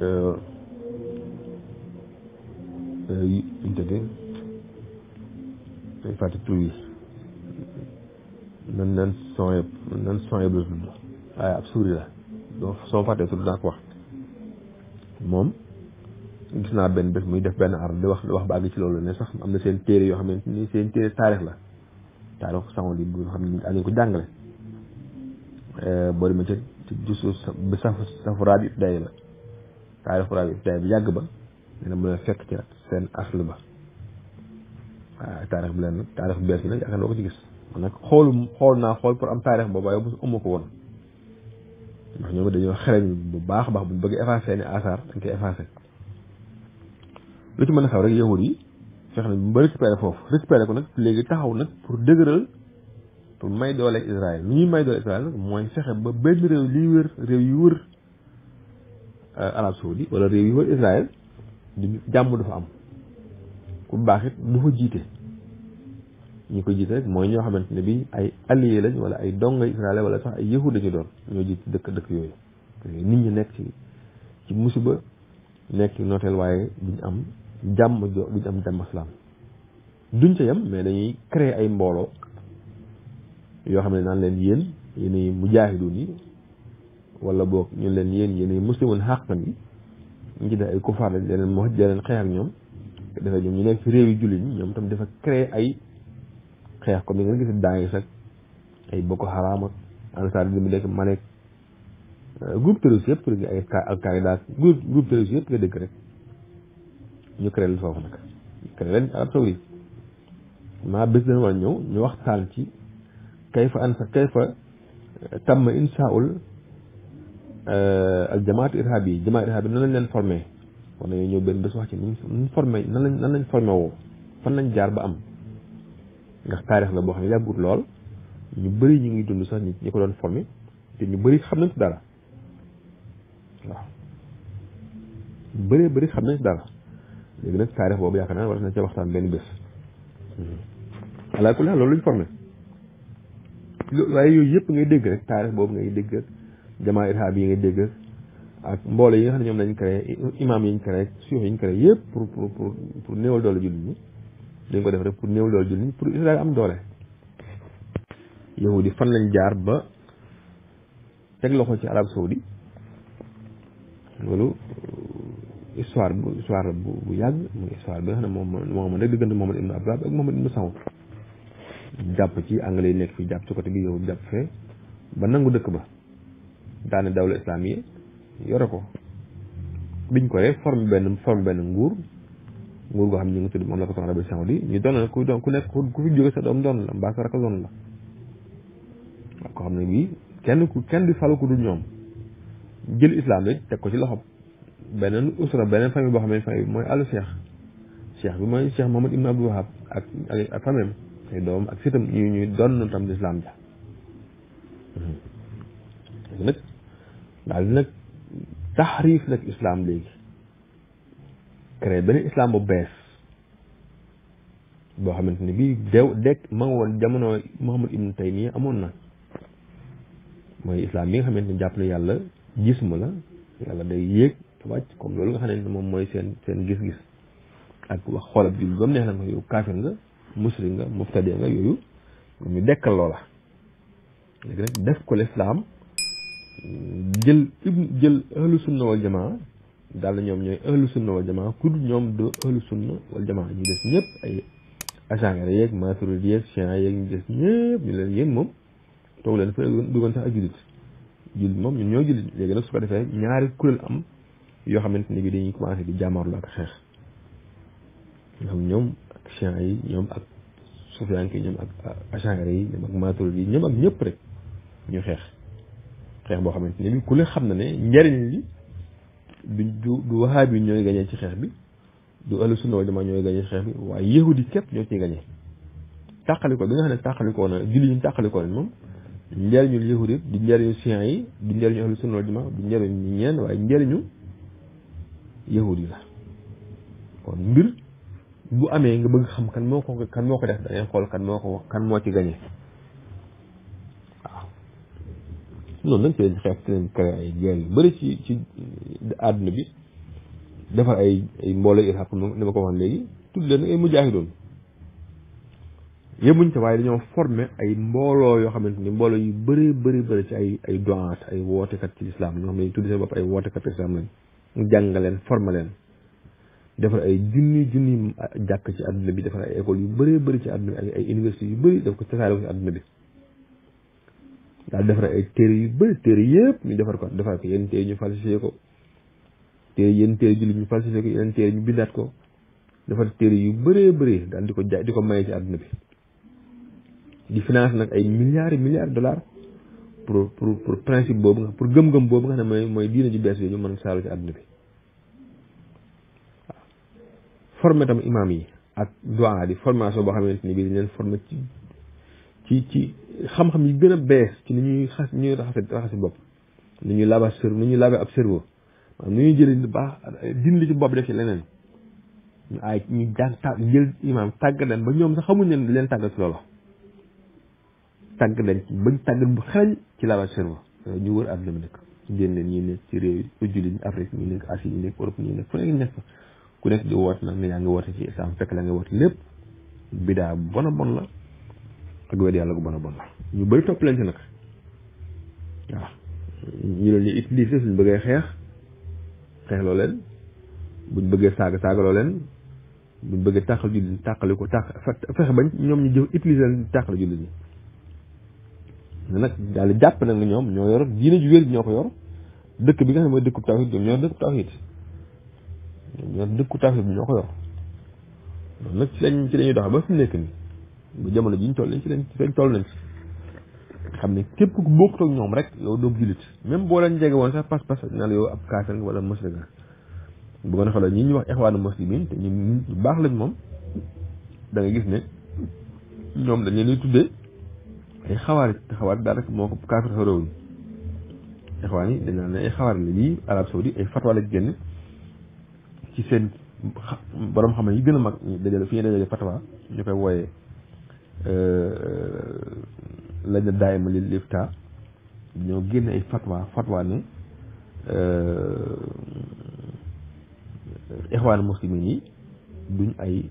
uñu euh, euh, tëdde dañ fàtte tur yi nan nan son yëpp nan son yëpp la tudd waaye ab suuri la soo fàttee tudd naa ko wax moom gis naa benn bés muy def benn ar di wax wax ba àgg ci loolu ne sax am na seen téere yoo xamante ni seen téere taarix la taarix sango di bu xam ne dañu ko jàngale euh, boo demee ca jusu sa yi day ba taarixu raab yi day bi yàgg ba nee na mu leen fekk ci nag seen asl ba waaw taarix bi leen taarix bees bi nag yaakaar naa ko ci gis man nag xoolu xool naa xool pour am taarix boobu waaye mosu amoo ko woon ndax ñoom dañoo xereñ bu baax baax bu ñu bëgg effacer ni asaar dañ koy effacer lu ci mën a xew rek yahud yi fexe nañ ba récupéré foofu récupéré ko nag léegi taxaw nag pour dëgëral pour may doole Israël lu ñuy may doole Israël nag mooy fexe ba benn réew liy wër réew yu wër euh, Arab Saoudi wala réew yu wër Israël di jàmm du fa am ku baaxit it du fa jiite ñu ko jiite rek mooy ñoo xamante ne bi ay alliés lañ wala ay donga Israël wala sax ay yahud lañu doon ñoo jiite dëkk dëkk yooyu nit ñu nekk ci ci musiba nekk ci nooteel waaye duñ am jàmm jo bu ñu am jàmm salaam duñ ca mais dañuy créer ay mbooloo yoo xam ne naan leen yéen yéenay mujaahiduun yi walla boog ñu leen yéen yéenay muslimun xàqan yi ñu ci def ay kufaar lañ moo jëlee leen ñoom defee ñoom ñu nekk ci réew yi jullit ñi ñoom tam dafa créer ay xeex ko ni nga gis daangi sax ay Boko Haram ak Ansaar bi mu nekk ma nekk groupe terroriste yëpp ay Al Qaïda groupe terroriste yëpp nga dëkk rek ñu créé leen foofu nag créé leen maa bés dana war ñëw ñu waxtaan ci kayfa an sa kayfa tàmm inshaul euh, al jamaat irhab yi jamaat irhab yi nan lañ leen formé war nañoo ñëw benn bés wax ci ñu formé nan lañ nan lañ woo fan lañ jaar ba am ndax taarix la boo xam ne yàggut lool ñu bëri ñu ngi dund sax ñi ko doon forme te ñu bëri xam nañ si dara waaw bëree bëri xam nañ si dara léegi nag taarix boobu yaakaar naa war na ca waxtaan benn bés alaakulli loolu luñ formé waaye yooyu yëpp ngay dégg rek taarix boobu ngay dégg ak jamaa irhab yi ngay dégg ak mboole yi nga xam ne ñoom lañ créé imam yi ñu créé suuf yi ñu créé yëpp pour pour pour pour néewal doole jullit ñi dañ ko def rek pour néewal doole jullit ñi pour Israël am doole yahudi fan lañ jaar ba teg loxo ci arab saudi loolu histoire bu histoire bu yàgg mu histoire bi nga xam ne moom ma nekk diggante Mohamed Ibn Abdullah ak Mohamed Ibn Saoud jàpp ci anglais yi nekk fii jàpp ci côté yow jàpp fee ba nangu dëkk ba daane dawla islam yi yore ko biñ ko rek forme benn forme benn nguur nguur goo xam ne ñu ngi tudd moom la ko soxna Arabie ñu doon la ku doon ku nekk ku fi jóge sa doom doon la mbaa xam ne bii kenn ku kenn di falu ku dul ñoom jël islam rek teg ko ci loxoom beneen usra beneen famille boo xam ne famille bi mooy àllu cheikh cheikh bi mooy cheikh Mohamad Ibn Abdul Wahab ak ak famille ay doom ak sitam ñu ñuy doon tam lislaam nag daal di nag taxriif nag islam léegi créé beneen islam bu bees boo xamante ni bii dew dekk ma nga woon jamono Mohamad Ibn Taymiya amoon na mooy islaam bi nga xamante ni jàpp na yàlla gis la yàlla day yéeg wàcc comme loolu nga xam ne moom mooy seen seen gis-gis ak wax xoolab jul gom neex na nga yow kaafir nga musri nga muftade nga yooyu ñu dekkal loola léegi nag def ko lislaam jël ibn jël ahlu sunna wal jamaa daal na ñoom ñooy ahlu sunna wal jamaa ku dul ñoom do ahlu sunna wal jamaa ñu des ñëpp ay ashangare yeeg maturidi yeeg chien yeeg ñu des ñëpp ñu leen yéen moom toog leen fa duggoon ak julit julit moom ñu ñoo julit léegi nag su ko defee ñaari kuréel am yoo xamante ni bi dañuy commencé di jàmmarlu ak xeex ñoom ñoom ak chiites yi ñoom ak sufiyanke yi ñoom ak ashari yi ñoom ak maturidi yi ñoom ak ñëpp rek ñu xeex xeex boo xamante ni bi ku le xam na ne njariñ li du du wahaab yi ñooy gañee ci xeex bi du ahlu sunna wal jamaa ñooy gañee ci xeex bi waaye yahudi képp ñoo ciy gañee tàqalikoo bi nga xam ne tàqalikoo na julli ñu tàqalikoo nañ moom njariñul yahudi di njariñu chiites yi di njariñu ahlu sunna wal jamaa di njariñu ñeen waaye yahudi la kon mbir bu amee nga bëgg xam kan moo ko kan moo ko def da ngay xool kan moo ko kan moo ci gañe waaw loolu lañ koy xeex ci leen créé ay guerre yu bëri ci ci àdduna bi defar ay ay mbooloo iraq ni ma ko wax léegi tudd leen ay mujaahidoon yëmuñ te waaye dañoo formé ay mbooloo yoo xamante ni mbooloo yu bëri bëri bëri ci ay ay doat ay wootekat ci lislaam ñoo xam ne tudd seen bopp ay wootekat ci lislaam lañ jàng leen former defar ay junni junni ah, jàkk ci àdduna bi defar ay école yu bëri bëri ci àdduna bi ay université yu bëri daf ko tasaare ko ci àdduna bi daal defar ay téere yu bëri téere yépp ñu defar ko defar ko yenn téere ñu falsifié ko téere yenn téere julli ñu falsifié ko yenn téere ñu bindaat ko defar téere yu bëree bëri daal di ko jaay di ko maye ci àdduna bi di finance nag ay milliards milliards dollars pour pour pour principe boobu nga pour gëm-gëm boobu nga xam ne mooy mooy diine ju bees yi ñu mën saalu ci àdduna bi formé tam imaam yi ak doa di formation boo xamante ni bii dañ leen formé ci ci ci xam-xam yi gën a bees ci ni ñuy xas ñuy raxase raxasi bopp ni ñuy laba ser ni ñuy labe ab cerveau maanaam ni ñuy lu baax dindi ci bopp def ci leneen ñu aay ñu jàng ta jël imaam tàggat leen ba ñoom sax xamuñ leen leen tàggat ci loolu tàggat leen bañ tàggat bu xarañ ci laba cerveau ñu wër àdduna bi nag génn ñi nekk ci réew yi jullit ñi Afrique ñi nekk Asie ñi nekk Europe ñi nekk fu nekk nekk ku nekk di woote nag nga nga ngi woote ci islam fekk la nga woote lépp bidaa bona bon la ak wed yàlla gu bona bon la ñu bëri topp lañ ci nag waaw ñu leen di utiliser suñ bëggee xeex xeexloo leen buñ bëggee saaga saagaloo leen buñ bëggee tàqal jullit tàqali ko tàq fexe bañ ñoom ñu jëf utiliser leen tàqal jullit ñi nag daal jàpp nag ñoom ñoo yor diine ju wér ñoo ko yor dëkk bi nga xam ne mooy dëkkub tawhid ñoom ñoo dëkkub tawhid ñoom dëkku tafsir bi ñoo ko yor loolu nag ci lañ ci lañuy doxe ba fi mu nekk nii ba jamono jiñ toll nañ ci lañ toll nañ ci xam ne képp ku bokkut ak ñoom rek yow même boo leen jege woon sax pas-pas naan yow ab kaafir bu nga xoolee ñi ñuy wax ixwaanu muslimin te ñu baax lañ moom da gis ne ñoom dañ leen di tuddee ay xawaar te xawaar daal rek moo ko kaafir xarawuñ ixwaan yi dañ naan ne ay xawaar la ñuy arab saudi ay fatwa la génn ci seen borom xam ne yi gën a mag dajale fi ñu dajale fatwa ñu koy wooyee euh, lañ na daayima li lifta ñoo génn ay fatwa fatwa ne euh, ixwaan muslimin yi duñ ay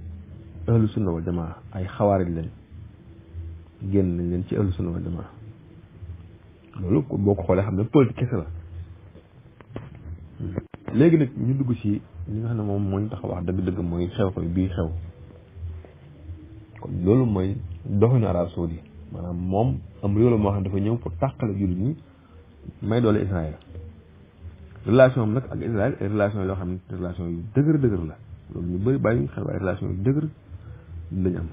ahlu sunna wal jamaa ay xawaarit lañ génn leen ci ahlu sunna wal jamaa loolu boo ko xoolee xam ne politique kese la léegi nag ñu dugg ci li nga xam ne moom mooy tax wax dëgg-dëgg mooy xew-xew bii xew kon loolu mooy doxinu Arab Saoudi maanaam moom am réew la moo xam ne dafa ñëw pour tàqale jullit ñi may doole Israël relation am nag ak Israël ay relation yoo xam ne relation yu dëgër dëgër la loolu ñu bëri bàyyi xel waaye relation yu dëgër lañ am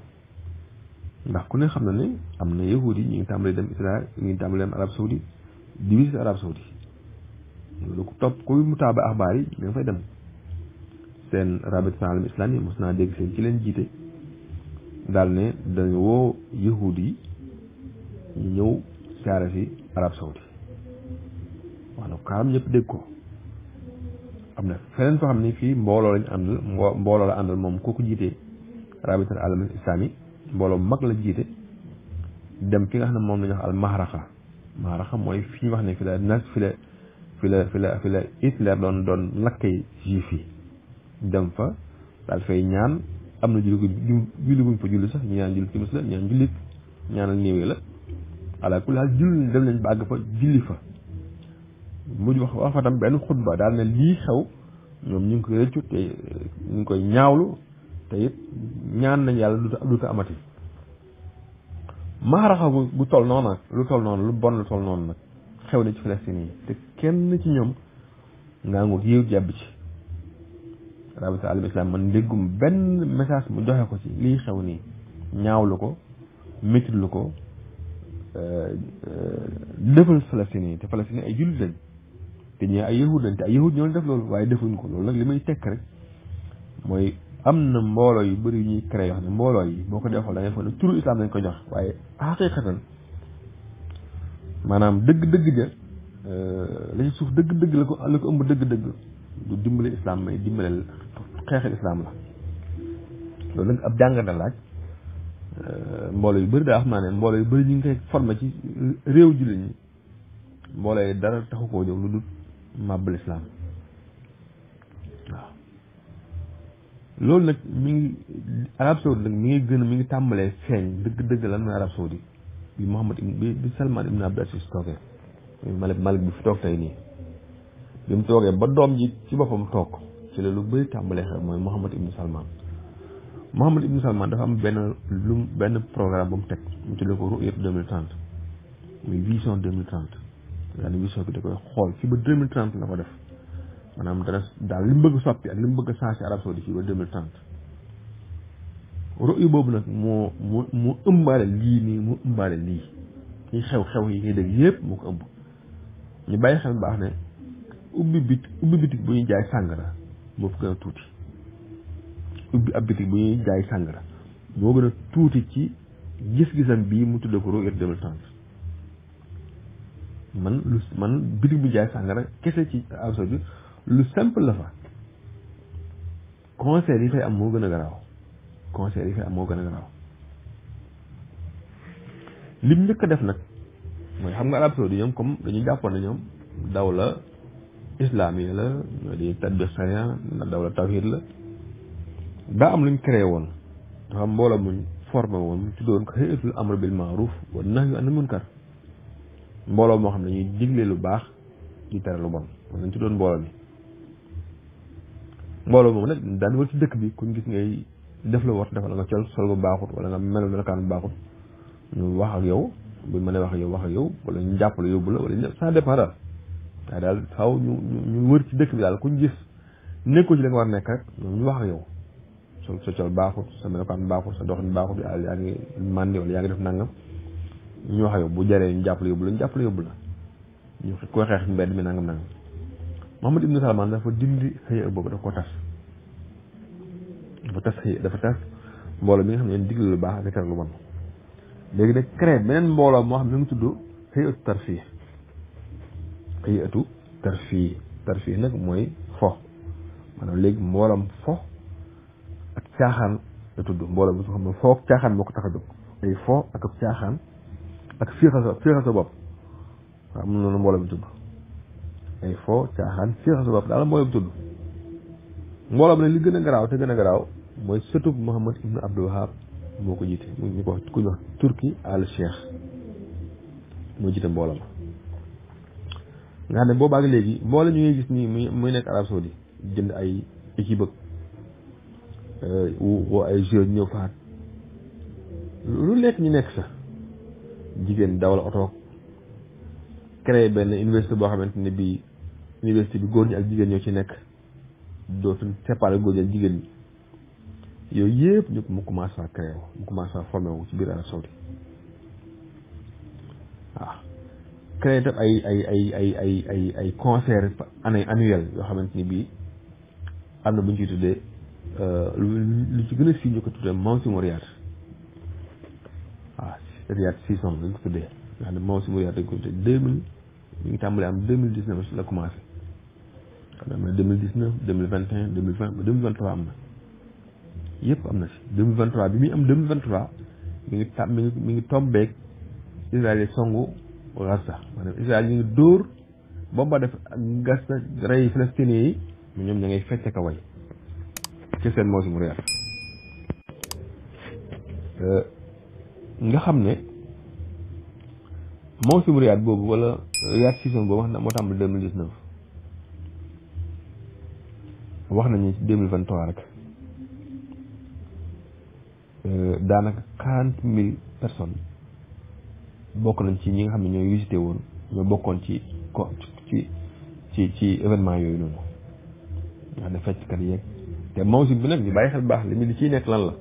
ndax ku ne xam na ne am na yahudi yi ñu ngi tàmbali dem Israël ñu ngi tàmbali dem Arab Saoudi di visite Arab Saoudi loolu ku topp ku mu taaba axbaar yi da nga fay dem seen rabita alam islami mos naa dégg seen ci leen jiite daal ne dañu woo yahuud ñëw siyaare fi arab saudi wax na kaaram ñëpp dégg ko am na feneen foo xam ne fii mbooloo lañ àndal mbooloo la àndal moom kooku jiitee rabital alamin islami mbooloo mag la jiite dem ki nga xam ne moom la ñuy wax al mahraqa mooy fi ñu wax ne fi la fi la fi la fi la fi la Hitler doon doon lakk juif yi dem fa daal fay ñaan am na julli julli buñ fa julli sax ñaan julli timis la ñaan jullit ñaanal la ala kulli haal julli dem nañ ba àgg fa julli fa mujj wax wax fa tam benn xutba daal ne lii xew ñoom ñu ngi koy rëccu te ñu ngi koy ñaawlu te it ñaan nañ yàlla du ta amati maaraxa bu bu toll noonu lu toll noonu lu bon lu toll noonu nag xew na ci Palestine yi te kenn ci ñoom ngaa ngut yéew jàbb ci rabita alam islam man déggum benn message mu joxe ko ci liy xew nii ñaaw ñaawlu ko métitlu ko euh, euh, defal Palestine yi te Palestine ay jullit lañ te ñee ay yahud lañ te ay yahud ñoo def loolu waaye defuñ ko loolu nag li may tekk rek mooy am na mbooloo yu bëri ñuy créé yoo xam ne mbooloo yi boo ko dee xool da ngay foog ne turu islam lañ ko jox waaye xaqiqatan maanaam dëgg-dëgg ja euh, la suuf dëgg-dëgg la ko la ko ëmb dëgg-dëgg du dimbale islam mais dimbale xeexal islam la loolu nag ab jàng na laaj euh, mbooloo yu bari daa xam naa ne mbooloo yu bari ñu ngi koy formé ci réew jullit ñi mbooloo yi dara taxu koo jóg lu dul màbbal islam waaw loolu nag mi ngi arab saudi nag mi ngi gën ngi tàmbalee feeñ dëgg dëgg lan mooy arab saudi bi Muhammad bi bi Salman ibn Abdul Aziz toogee Malik Malik bi fi toog tey nii bi mu toogee ba doom ji ci boppam toog ci la lu bëri tàmbalee xew mooy Mouhamad Ibn Salman Mouhamad Ibn Salman dafa am benn lu benn programme bu mu teg mu tuddee ko mu 2030 muy vision 2030 daanaka vision bi da koy xool fii ba 2030 la ko def maanaam dara daal li mu bëgg soppi ak li mu bëgg a changé Arabie Saoudite fii ba 2030. ru'yu boobu nag moo mu mu ëmbaale lii nii mu ëmbaale lii ñi xew-xew yi ngay dégg yëpp mu ko ëmb ñu bàyyi xel baax ne ubbi bit ubbi bitig bu ñuy jaay sàngara moo gën a tuuti ubbi ab bitig bu ñuy jaay sàngara moo gën a tuuti ci gis-gisam bii mu tudd ko roue deux mille trente man lu man bitig bu jaay sàngara kese ci Arabie Saoudite lu simple la fa concert yi fay am moo gën a garaaw concert yi fay am moo gën a garaaw lim njëkk def nag mooy xam nga Arabie Saoudite ñoom comme dañu jàppoon ne ñoom daw la Islam yi la di tadbix sharia na dawla tawhid la daa am luñ créé won dafa am mboola muñ formé won ci doon ko hayatul amru bil ma'ruf wa nahyu anil munkar mbooloo mo xam ne ñuy digle lu bax di tere lu bon kon dañ tuddoon mbooloo mi mbooloo mo nak daan wër ci dëkk bi kuñ gis ngay def la war la nga ciol sol bu baxut wala nga mel melokaan bu baxut ñu wax ak yow buñ mëne wax ak yow wax ak yow wala ñu jàpp la yóbbu la wala ça dépend waaye daal faaw ñu ñu wër ci dëkk bi daal kuñ gis nekkoo ci la nga war nekk rek ñu wax ak yow so so ci baaxu sa melo kan baaxu sa baaxu bi al ya ngi mandi wala ya ngi def nangam ñu wax ak yow bu jaree ñu jàppale yobul ñu jàppale yobul la ñu ko xeex mbedd mi nangam nangam Mohammed ibn Salman dafa dindi xey ak bobu da ko tass dafa tass xey dafa tass mbolo mi nga xamne ñu diglu lu baax ak tere lu bon léegi nag créé benen mbolo mo xam ne tuddu xey ak tarfii xëyatu tarfii tarfii nag mooy fo maanaam léegi mboolam fo ak caaxaan la tudd mboolam bi nga xam ne fo ak caaxaan ko tax a ay fo ak ak caaxaan ak fiixal sa fiixal sa bopp waaw noonu mboolam bi tudd ay fo caaxaan fiixal sa bopp daal mboolam bi tudd li gën a garaaw te gën a garaaw mooy sëtub Mouhamad ibn Abdul Wahab moo ko jiite mu ñu ko ku ñu wax Turki al Cheikh moo jiite mboolam nga xam ne boobu ak léegi mboole ñu ngi gis nii muy muy nekk Arabie Saoudite jënd ay équipe ak euh, woo ay jeunes ñëw faat lu nekk ñu nekk sax jigéen dawal otoog créé benn université boo xamante ne bii université bi góor ñi ak jigéen ñoo ci nekk dootuñ séparé góor ñi ak jigéen yooyu yëpp ñu mu commencé à créé wu mu commencé à formé ci biir Arabie Saoudite waaw créé tam ay ay ay ay ay ay ay concert anne annuel yoo xamante ni bii am na bu ñu ciy tuddee euh, lu ci gën a siiw ñu ko tuddee mawsimu ah, riyaat waaw riyaat saison dañ ko tuddee nga xam ne mawsimu riyaat dañ ko tuddee deux mille ñu ngi tàmbalee am deux mille dix la commencé xam ne am na deux mille dix neuf deux mille vingt un deux mille vingt ba deux trois am na yëpp am na si deux mille vingt trois bi muy am deux mille vingt trois mi ngi tam mi ngi mi ngi tombeeg songu Gaza maanaam Israël ñu ngi dóor boobu ba def Gaza rey Palestiniens yi ñoom ña ngay fecc ka way ci seen moosum réer euh, nga xam ne moosum riyaat boobu walla riyaat season boobu wax na moo tàmbali deux mille dix neuf wax nañu ci deux mille vingt trois euh, daanaka quarante mille personnes bokk nañ ci ñi nga xam ne ñoo visité woon ñoo bokkoon ci ko ci ci ci événement yooyu noonu nga xam ne fecckat yeeg te mawsim bi nag ñu bàyyi xel baax li mu di ciy nekk lan la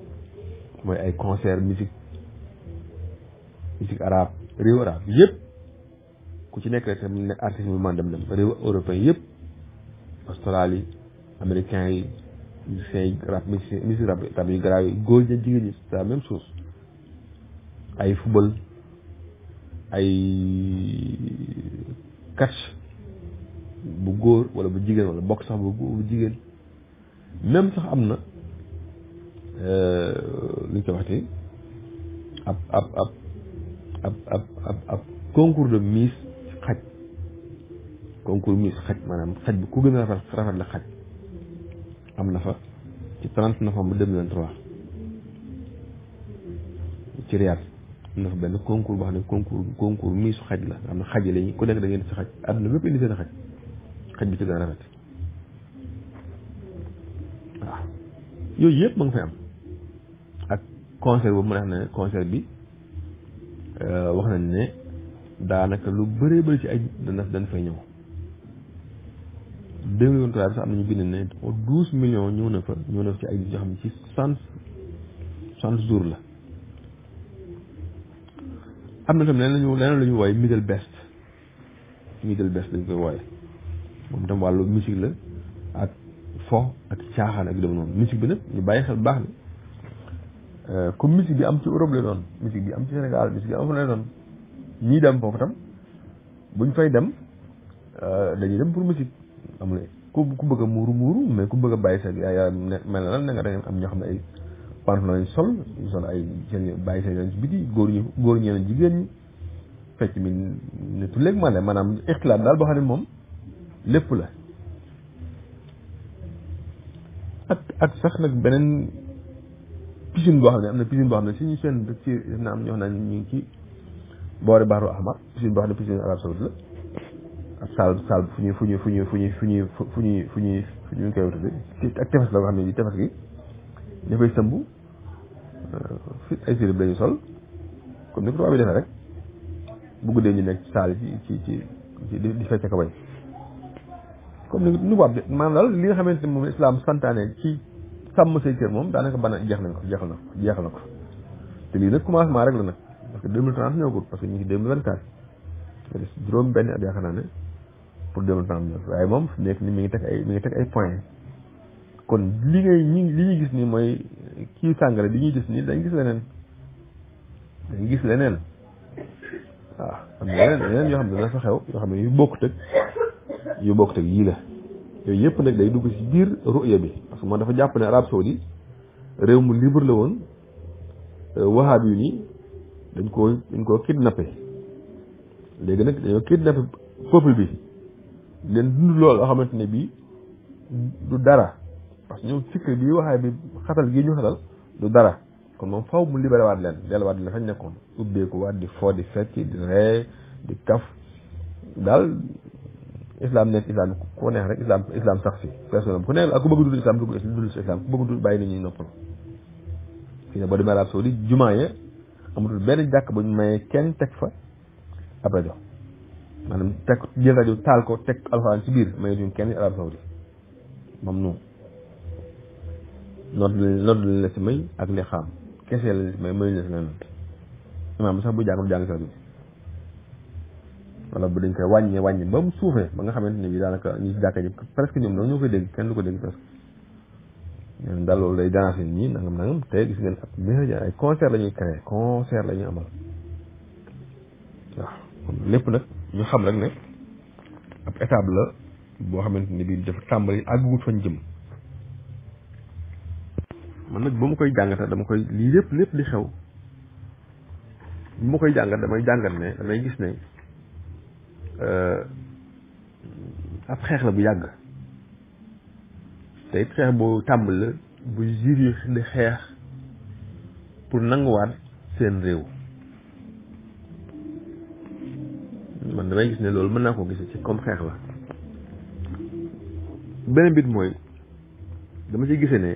mooy ay concert musique musique arabe réew arabe yëpp ku ci nekk rek tamit ne artiste bi man dem dem réew européen yëpp Australie américain yi musiciens yi rap musiciens musique rap góor ña jigéen ñi c'est ay football ay catch bu góor wala bu jigéen wala bokk sax bu góor bu jigéen même sax am na euh, lu ñu ko waxte ab ab ab ab ab ab ab concours de miss xaj concours miss xaj maanaam xaj bi ku gën a rafet rafet la xaj am na fa ci trente novembre deux mille vingt trois ci Riyad ndax benn concours boo xam ne concours concours miisu xaj la nga xam ne xaj lañu ku nekk da ngeen si xaj àdduna bépp indi seen xaj xaj bi ci gën a rafet waaw yooyu yëpp ma nga fa am ak concert boobu ma ne xam ne concert bi euh, wax nañ ne daanaka lu bëree bëri ci ay dana dañ fay ñëw deux millions trois bi sax am nañu bind ne douze ñëw na fa ñëw na fa ci ay nit yoo ci cent cent jours la am na tam leneen lañu leneen la ñu wooye middle best middle best dañ koy wooye moom tam wàllu musique la ak fo ak caaxaan ak dem noonu musique bi nag ñu bàyyi xel baax ni euh, comme musique bi am ci Europe la doon musique bi am ci Sénégal musique bi am fu ne doon ñuy dem foofu tam ñu fay dem euh, dañuy dem pour musique am na ku ku bëgg a muuru muuru mais ku bëgg a bàyyi sa mel na lan na nga da am ñoo xam ne ay par lañ sol ñu sol ay seen bàyyi seen yoon ci biti góor ñu góor ñeen jigéen ñi fecc mi ne tu léegi maanaam maanaam ixtilaat daal boo xam ne moom lépp la ak ak sax nag beneen piscine boo xam ne am na piscine boo xam ne seen ci ñu ngi ci boori baaru ahmar piscine boo xam ne piscine arab saoud la ak saal saal fu ñuy fu ñuy fu ñuy fu ñuy fu ñuy fu ñuy fu ñuy fu ñuy koy wutade ak tefes la xam ne tefes gi dafay ay sirib lañu sol comme ni ko tubaab yi defee rek bu guddee ñu nekk ci saal ci ci ci di fecc ko bay comme ni tubaab maanaam daal li nga xamante ne moom islam santaane ci sàmm say cër moom daanaka bana jeex nañ ko jeex na ko jeexal na ko te lii nag commencement rek la nag parce que deux mille trente ñëwagul parce que ñu ngi deux mille vingt quatre nga benn at yaakaar ne pour deux mille waaye moom nekk ni mi ngi teg ay mi ngi teg ay point kon li ngay ñi li ñuy gis nii mooy kii sàngara bi ñuy gis nii dañ gis leneen dañ gis leneen waaw am na yeneen yeneen yoo xam ne dana fa xew yoo xam ne yu bokkut ak yu bokkut ak yii la yooyu yëpp nag day dugg ci biir ruya bi parce que moom dafa jàpp ne Arab Saoudi réew mu libre la woon euh, wahaab yu nii dañ koo dañ koo kidnappé léegi nag dañoo kidnappé peuple bi leen dund lool loo xamante ne bii du dara parce que bi waxaay bi xatal gi ñu xatal du dara kon moom faw mu libéré waat leen delluwaat leen fañ nekkoon ubbeeku waat di fo di fecc di ree di kaf daal islam nekk islam ku neex rek islam islam sax si personne ku nekk ak ku bëgg dund islam dugg dund si islam ku bëgg dund bàyyi nañuy noppal fii ne boo demee Arab Saoudi benn jàkk bu ñu mayee kenn teg fa ab rajo maanaam teg jël rajo taal ko teg alxuraan ci biir mayee duñ kenn Arab Saoudi moom noonu nodd nodd la si may ak li xaam kese la si may mayu la si leneen imaam sax bu jàngul jàng sax wala bu dañ koy wàññee wàññi ba mu suufee ba nga xamante ne bi daanaka ñi ci jàkka ñëpp presque ñoom nag ñoo koy dégg kenn du ko dégg presque ñoom ñii nangam nangam te gis ngeen ak bi ay concert la ñuy créé concert la ñuy amal waaw lépp nag ñu xam rek ne ab étape la boo xamante ne bii dafa tàmbali àgguwut fañ jëm man nag ba ma koy jàngata dama koy lii lépp lépp di xew bu ma koy jàngat damay jàngat ne damay gis ne euh, ab xeex la bu yàgg te it xeex bu tàmbal la bu jur yi di xeex pour nanguwaat seen réew man damay gis ne loolu mën naa koo gisee ci comme xeex la beneen bit mooy dama ci gise ne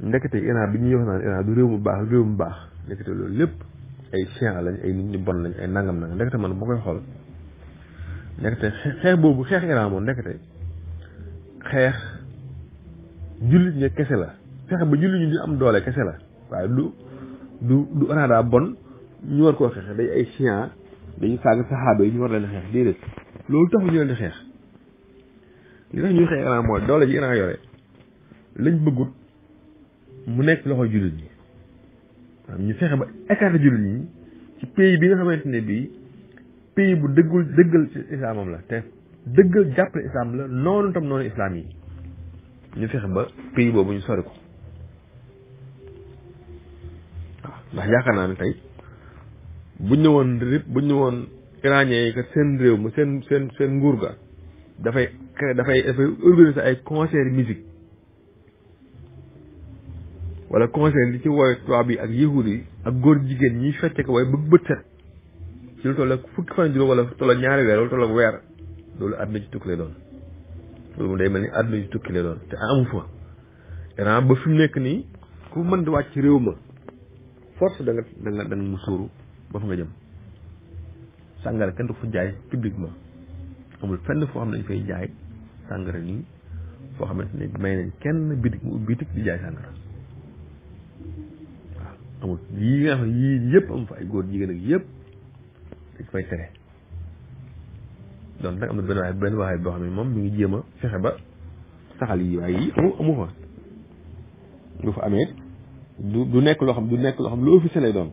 ndekete Iran bi ñu wax naan du réew mu baax réew mu baax ndekete loolu lépp ay chiens lañ ay nit ñu bon lañ ay nangam nangam ndekete man boo koy xool ndekete xeex boobu xeex Iran moom ndekete xeex jullit ña kese la fexe ba ñu am doole kese la waaye du du du Iran daa ñu war koo xeex day ay chiens dañu sàgg saxaaba yi ñu war leen xeex déedéet loolu taxul ñu leen xeex li tax xeex Iran mooy doole ji Iran yore lañ bëggut mu nekk loxo jullit ñi waaw ñu fexe ba écarté jullit ñi ci pays bi nga xamante ne bii pays bu dëggul dëggal ci islaamam la te dëggal jàppale islam la noonu tam noonu islam yi ñu fexe ba pays boobu ñu sori ko waaw ndax yaakaar naa ne tey buñ ne woon rip buñ ne woon iranien yi kat seen réew ma seen seen seen nguur ga dafay dafay dafay organiser ay concert musique wala commencé di ci woy tubaab yi ak yahud yi ak góor jigéen ñiy fecce ko waaye bëgg bët set ci lu toll fukki fan juróom wala toll ñaari weer wala toll weer loolu àdduna ci tukki lay doon loolu mu day mel ni àdduna ci tukki lay doon te amu fa Iran ba fi mu nekk nii ku mën di wàcc réew ma force da nga da nga da nga musóoru ba fa nga jëm sàngara kenn du fa jaay publiquement amul fenn foo xam ne dañ fay jaay sàngara nii foo xamante ne may nañ kenn bitik mu di jaay amul yii nga xam yii yëpp am fa ay góor jigéen ak yëpp dañ koy tere nag am na benn waay benn waay boo xam ne moom mi ngi jéem a fexe ba saxal yi waaye yi amu amu fa lu fa amee du du nekk loo xam du nekk loo xam lu officiel lay doon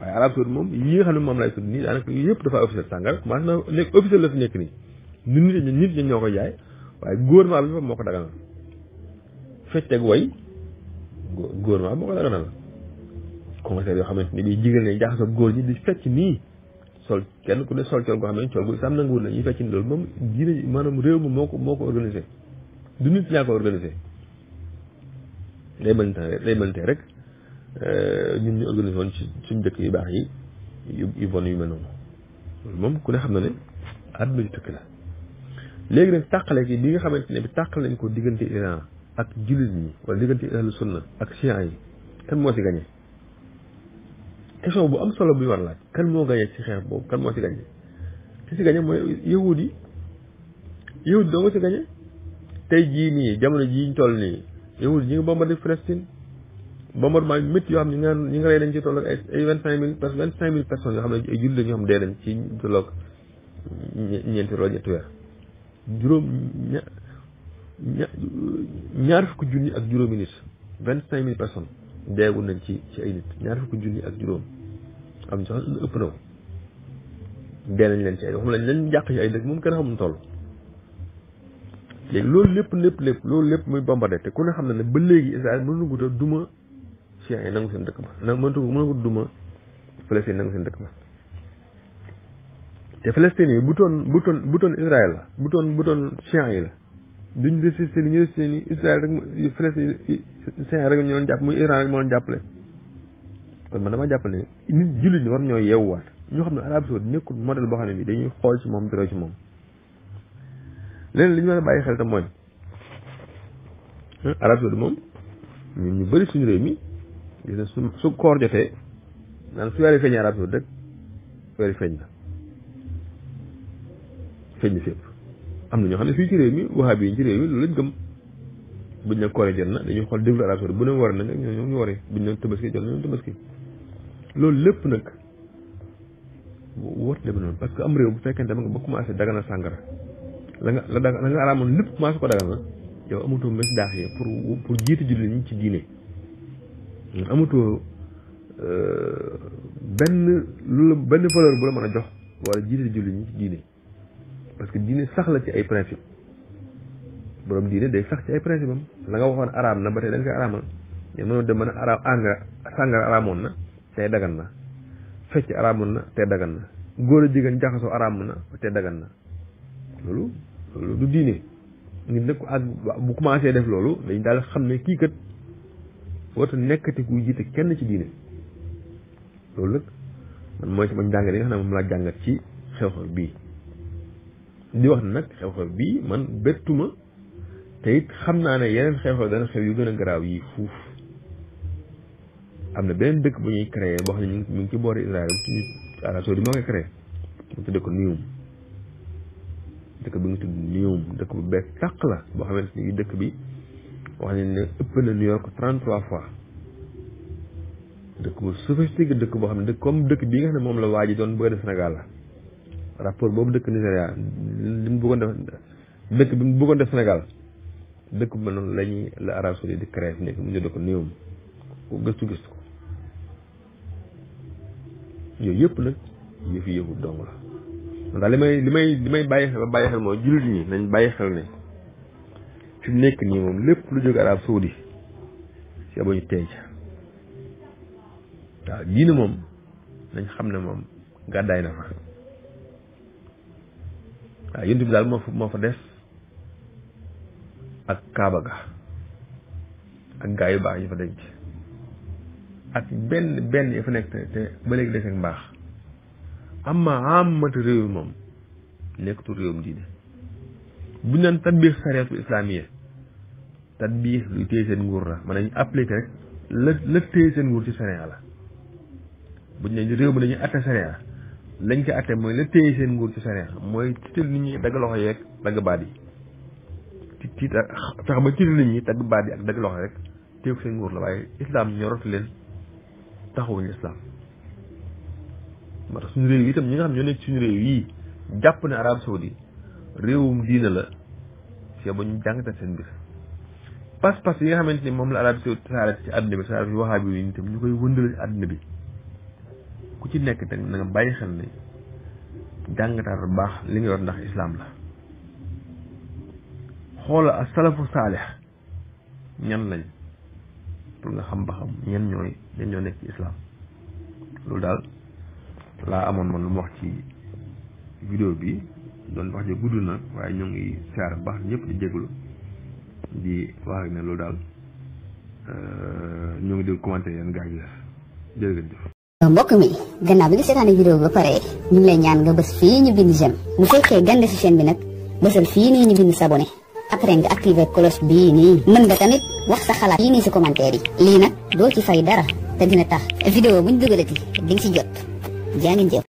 waaye arab saudi moom yi nga xam ne moom lay tudd nii daanaka yëpp dafa officiel sàngar commencé na nekk officiel la fi nekk nii nit ñi nit ñi ñoo ko jaay waaye gouvernement bi fa moo ko daganal fecc ak conseil yoo xamante ni di jigéen lañ jaxasoo góor ñi di fecc nii sol kenn ku ne sol col goo xam ne col gu sam nanguwul la ñuy fecc ni loolu moom diine maanaam réew mi moo ko moo ko organisé du nit ñaa ko organisé day mënte rek euh, ñun woon ci suñ dëkk yi yu bon yu mel noonu loolu moom ku ne xam na ne àdduna léegi nag tàqale gi bi nga xamante ne bi tàqal nañ ko diggante Iran ak jullit ñi wala diggante ahlu sunna ak chiites yi kan moo si gañe question bu am solo buy ñu war laaj kan moo gañe ci xeex boobu kan moo ci gañe ki ci gañe mooy yahud yi yahud doo nga ci gañe tey jii nii jamono jii ñu toll nii yahud ñi ngi bombardé Palestine bombardement yu métti yoo xam ne nga ñi nga rey nañ ci toll ak ay vingt cinq mille personnes vingt cinq mille personnes yoo xam ne ay ñeenti wala ak juróomi nit vingt cinq mille deegul nañ ci ci ay nit ñaar fukki junni ak juróom am sax ëpp na ko dee nañ leen ci ay xam lañ lañ jàq ci ay dëkk moom kenn xamul toll léegi loolu lépp lépp lépp loolu lépp muy bombardé te ku ne xam ne ne ba léegi Israël mënu ko duma chiens yi nangu seen dëkk ba na mënut mënu ko duma Palestine nangu seen dëkk ba te Palestine yi bu toon bu toon bu toon Israël la bu toon bu toon chiens yi la duñ résister li ñu résister ni Israël rek Palestine Israël rek ñu doon jàpp muy Iran rek moo doon jàppale kon man dama jàppale ne nit jullit ñi war ñoo yeewuwaat ñoo xam ne Arabie Saoudite nekkul modèle boo xam ne bi dañuy xool ci moom doro ci moom leneen li ñu war a bàyyi xel tam mooy Arabie Saoudite moom ñu bëri suñu réew mi su su koor jotee naan su weeri feeñee Arabie Saoudite rek weeri feeñ na feeñ na am ñoo xam ne fii ci réew mi wahaab yi buñ ne koore jot na dañuy xool déglu arab bu ne war na nga ñoo ñoom ñu waree buñ ne tabaski jot na loolu lépp nag wóor demee noonu parce que am réew bu fekkente dama nga ba commencé dagana sàngara la nga la daga la nga araamoon lépp commencé ko dagana yow amatoo mes daax yi pour pour jiitu jullit ñi ci diine amatoo euh, benn lu la benn valeur bu la mën a jox wala jiitu jullit ñi ci diine parce que diine sax la ci ay principe borom diine day sax ci ay principe am la nga waxoon araam na ba tey da nga koy araamal yow mënoo dem mën a araam engrais sàngara araamoon na tey dagan na fecc araamoon na tey dagan na góor a jigéen jaxasoo araam na tey dagan na loolu loolu du diine nit nag ak bu commencé def loolu dañ daal xam ne kii kat warta nekkati ku jiite kenn ci diine loolu nag man mooy sama njàngale nga xam ne moom laa jàngat ci xew-xew bii di wax nag xew-xew bii man bettuma te it xam naa ne yeneen xew-xew dana xew yu gën a garaaw yi fuuf am na beneen dëkk bu ñuy créé boo xam ne mu ngi ci boori Israël tuñu Arabie Saoudite moo koy créé mu tudde ko Neom bi nga tudd Neom dëkk bu bees sàq la boo xamante ni dëkk bi wax nañ ne ëpp na New York trente trois fois dëkk bu boo xam ne dëkk comme dëkk bi nga xam ne moom la waa ji doon bëgg a def la rapport boobu dëkk Nigéria li mu bëggoon def dëkk bi mu bëggoon def Sénégal dëkk bu mel noonu la ñuy la Arabes Saoudite di créé fi nekk mu jënd ko néewam ko gëstu gëstu ko yooyu yëpp nag yëfu yëfu dong la. man daal li may li may li may bàyyi xel bàyyi xel mooy jullit ñi nañ bàyyi xel ne fi nekk nii moom lépp lu jóge Arabes Saoudite si ba ñu tey waaw diine moom nañ xam ne moom gàddaay na fa. waaw nah, yënt bi daal moo fa moo fa des ak kaaba ga ak gaa yu baax yi fa denc ak benn benn yi fa nekk te te ba léegi des ak mbaax amma amatu réew moom nekkatul réewum diine bu naan tatbiix sariatu islamiya tatbiix lu téye seen nguur la maanaam ñu appliqué rek la la téye seen nguur ci sharia la buñ ne réew mi dañuy atte sharia lañ ko atte mooy la téye seen nguur ci sariya mooy tiital nit ñi dagg loxo yeeg dagg baat yi ci tiit ak ah, fexe ba tiital nit dagg baat yi ak dagg loxo rek téye ko seen nguur la waaye islam ñoratu leen taxawuñu islam. moo tax suñu réew yi tam ñu nga xam ñoo nekk suñu réew yii jàpp ne arabe saoudi réewum diina la c'est ba ñu jàngatee seen mbir pass pass yi nga xamante ni moom la arabe saoudi tasaare ci àdduna bi tasaare ci waxaabi yi itam ñu koy wëndal ci àdduna bi. ku ci nekk tamit na nga bàyyi xel ne jàngatar baax li nga yor ndax islam la xoola as salafu saalix ñan lañ pour nga xam ba xam ñan ñooy ñan ñoo nekk ci islam loolu daal laa amoon man lu wax ci vidéo bi doon wax ja gudd na waaye ñoo ngi siyaar baax ñëpp di jégalu di wax ak ne loolu daal euh, ngi yi def mbokk mi nabi bi setan video video ba pare ñu lay ñaan nga bëss fi ñu bind j'aime bu fekkee gande ci chaîne bi nak bëssal fi nii ñu bind s'abonné après nga activer cloche bi ni mën nga tamit wax sa xalaat yi ni ci commentaire yi li nak do ci fay dara te dina tax vidéo buñu dëgëlati di ngi ci jot jaa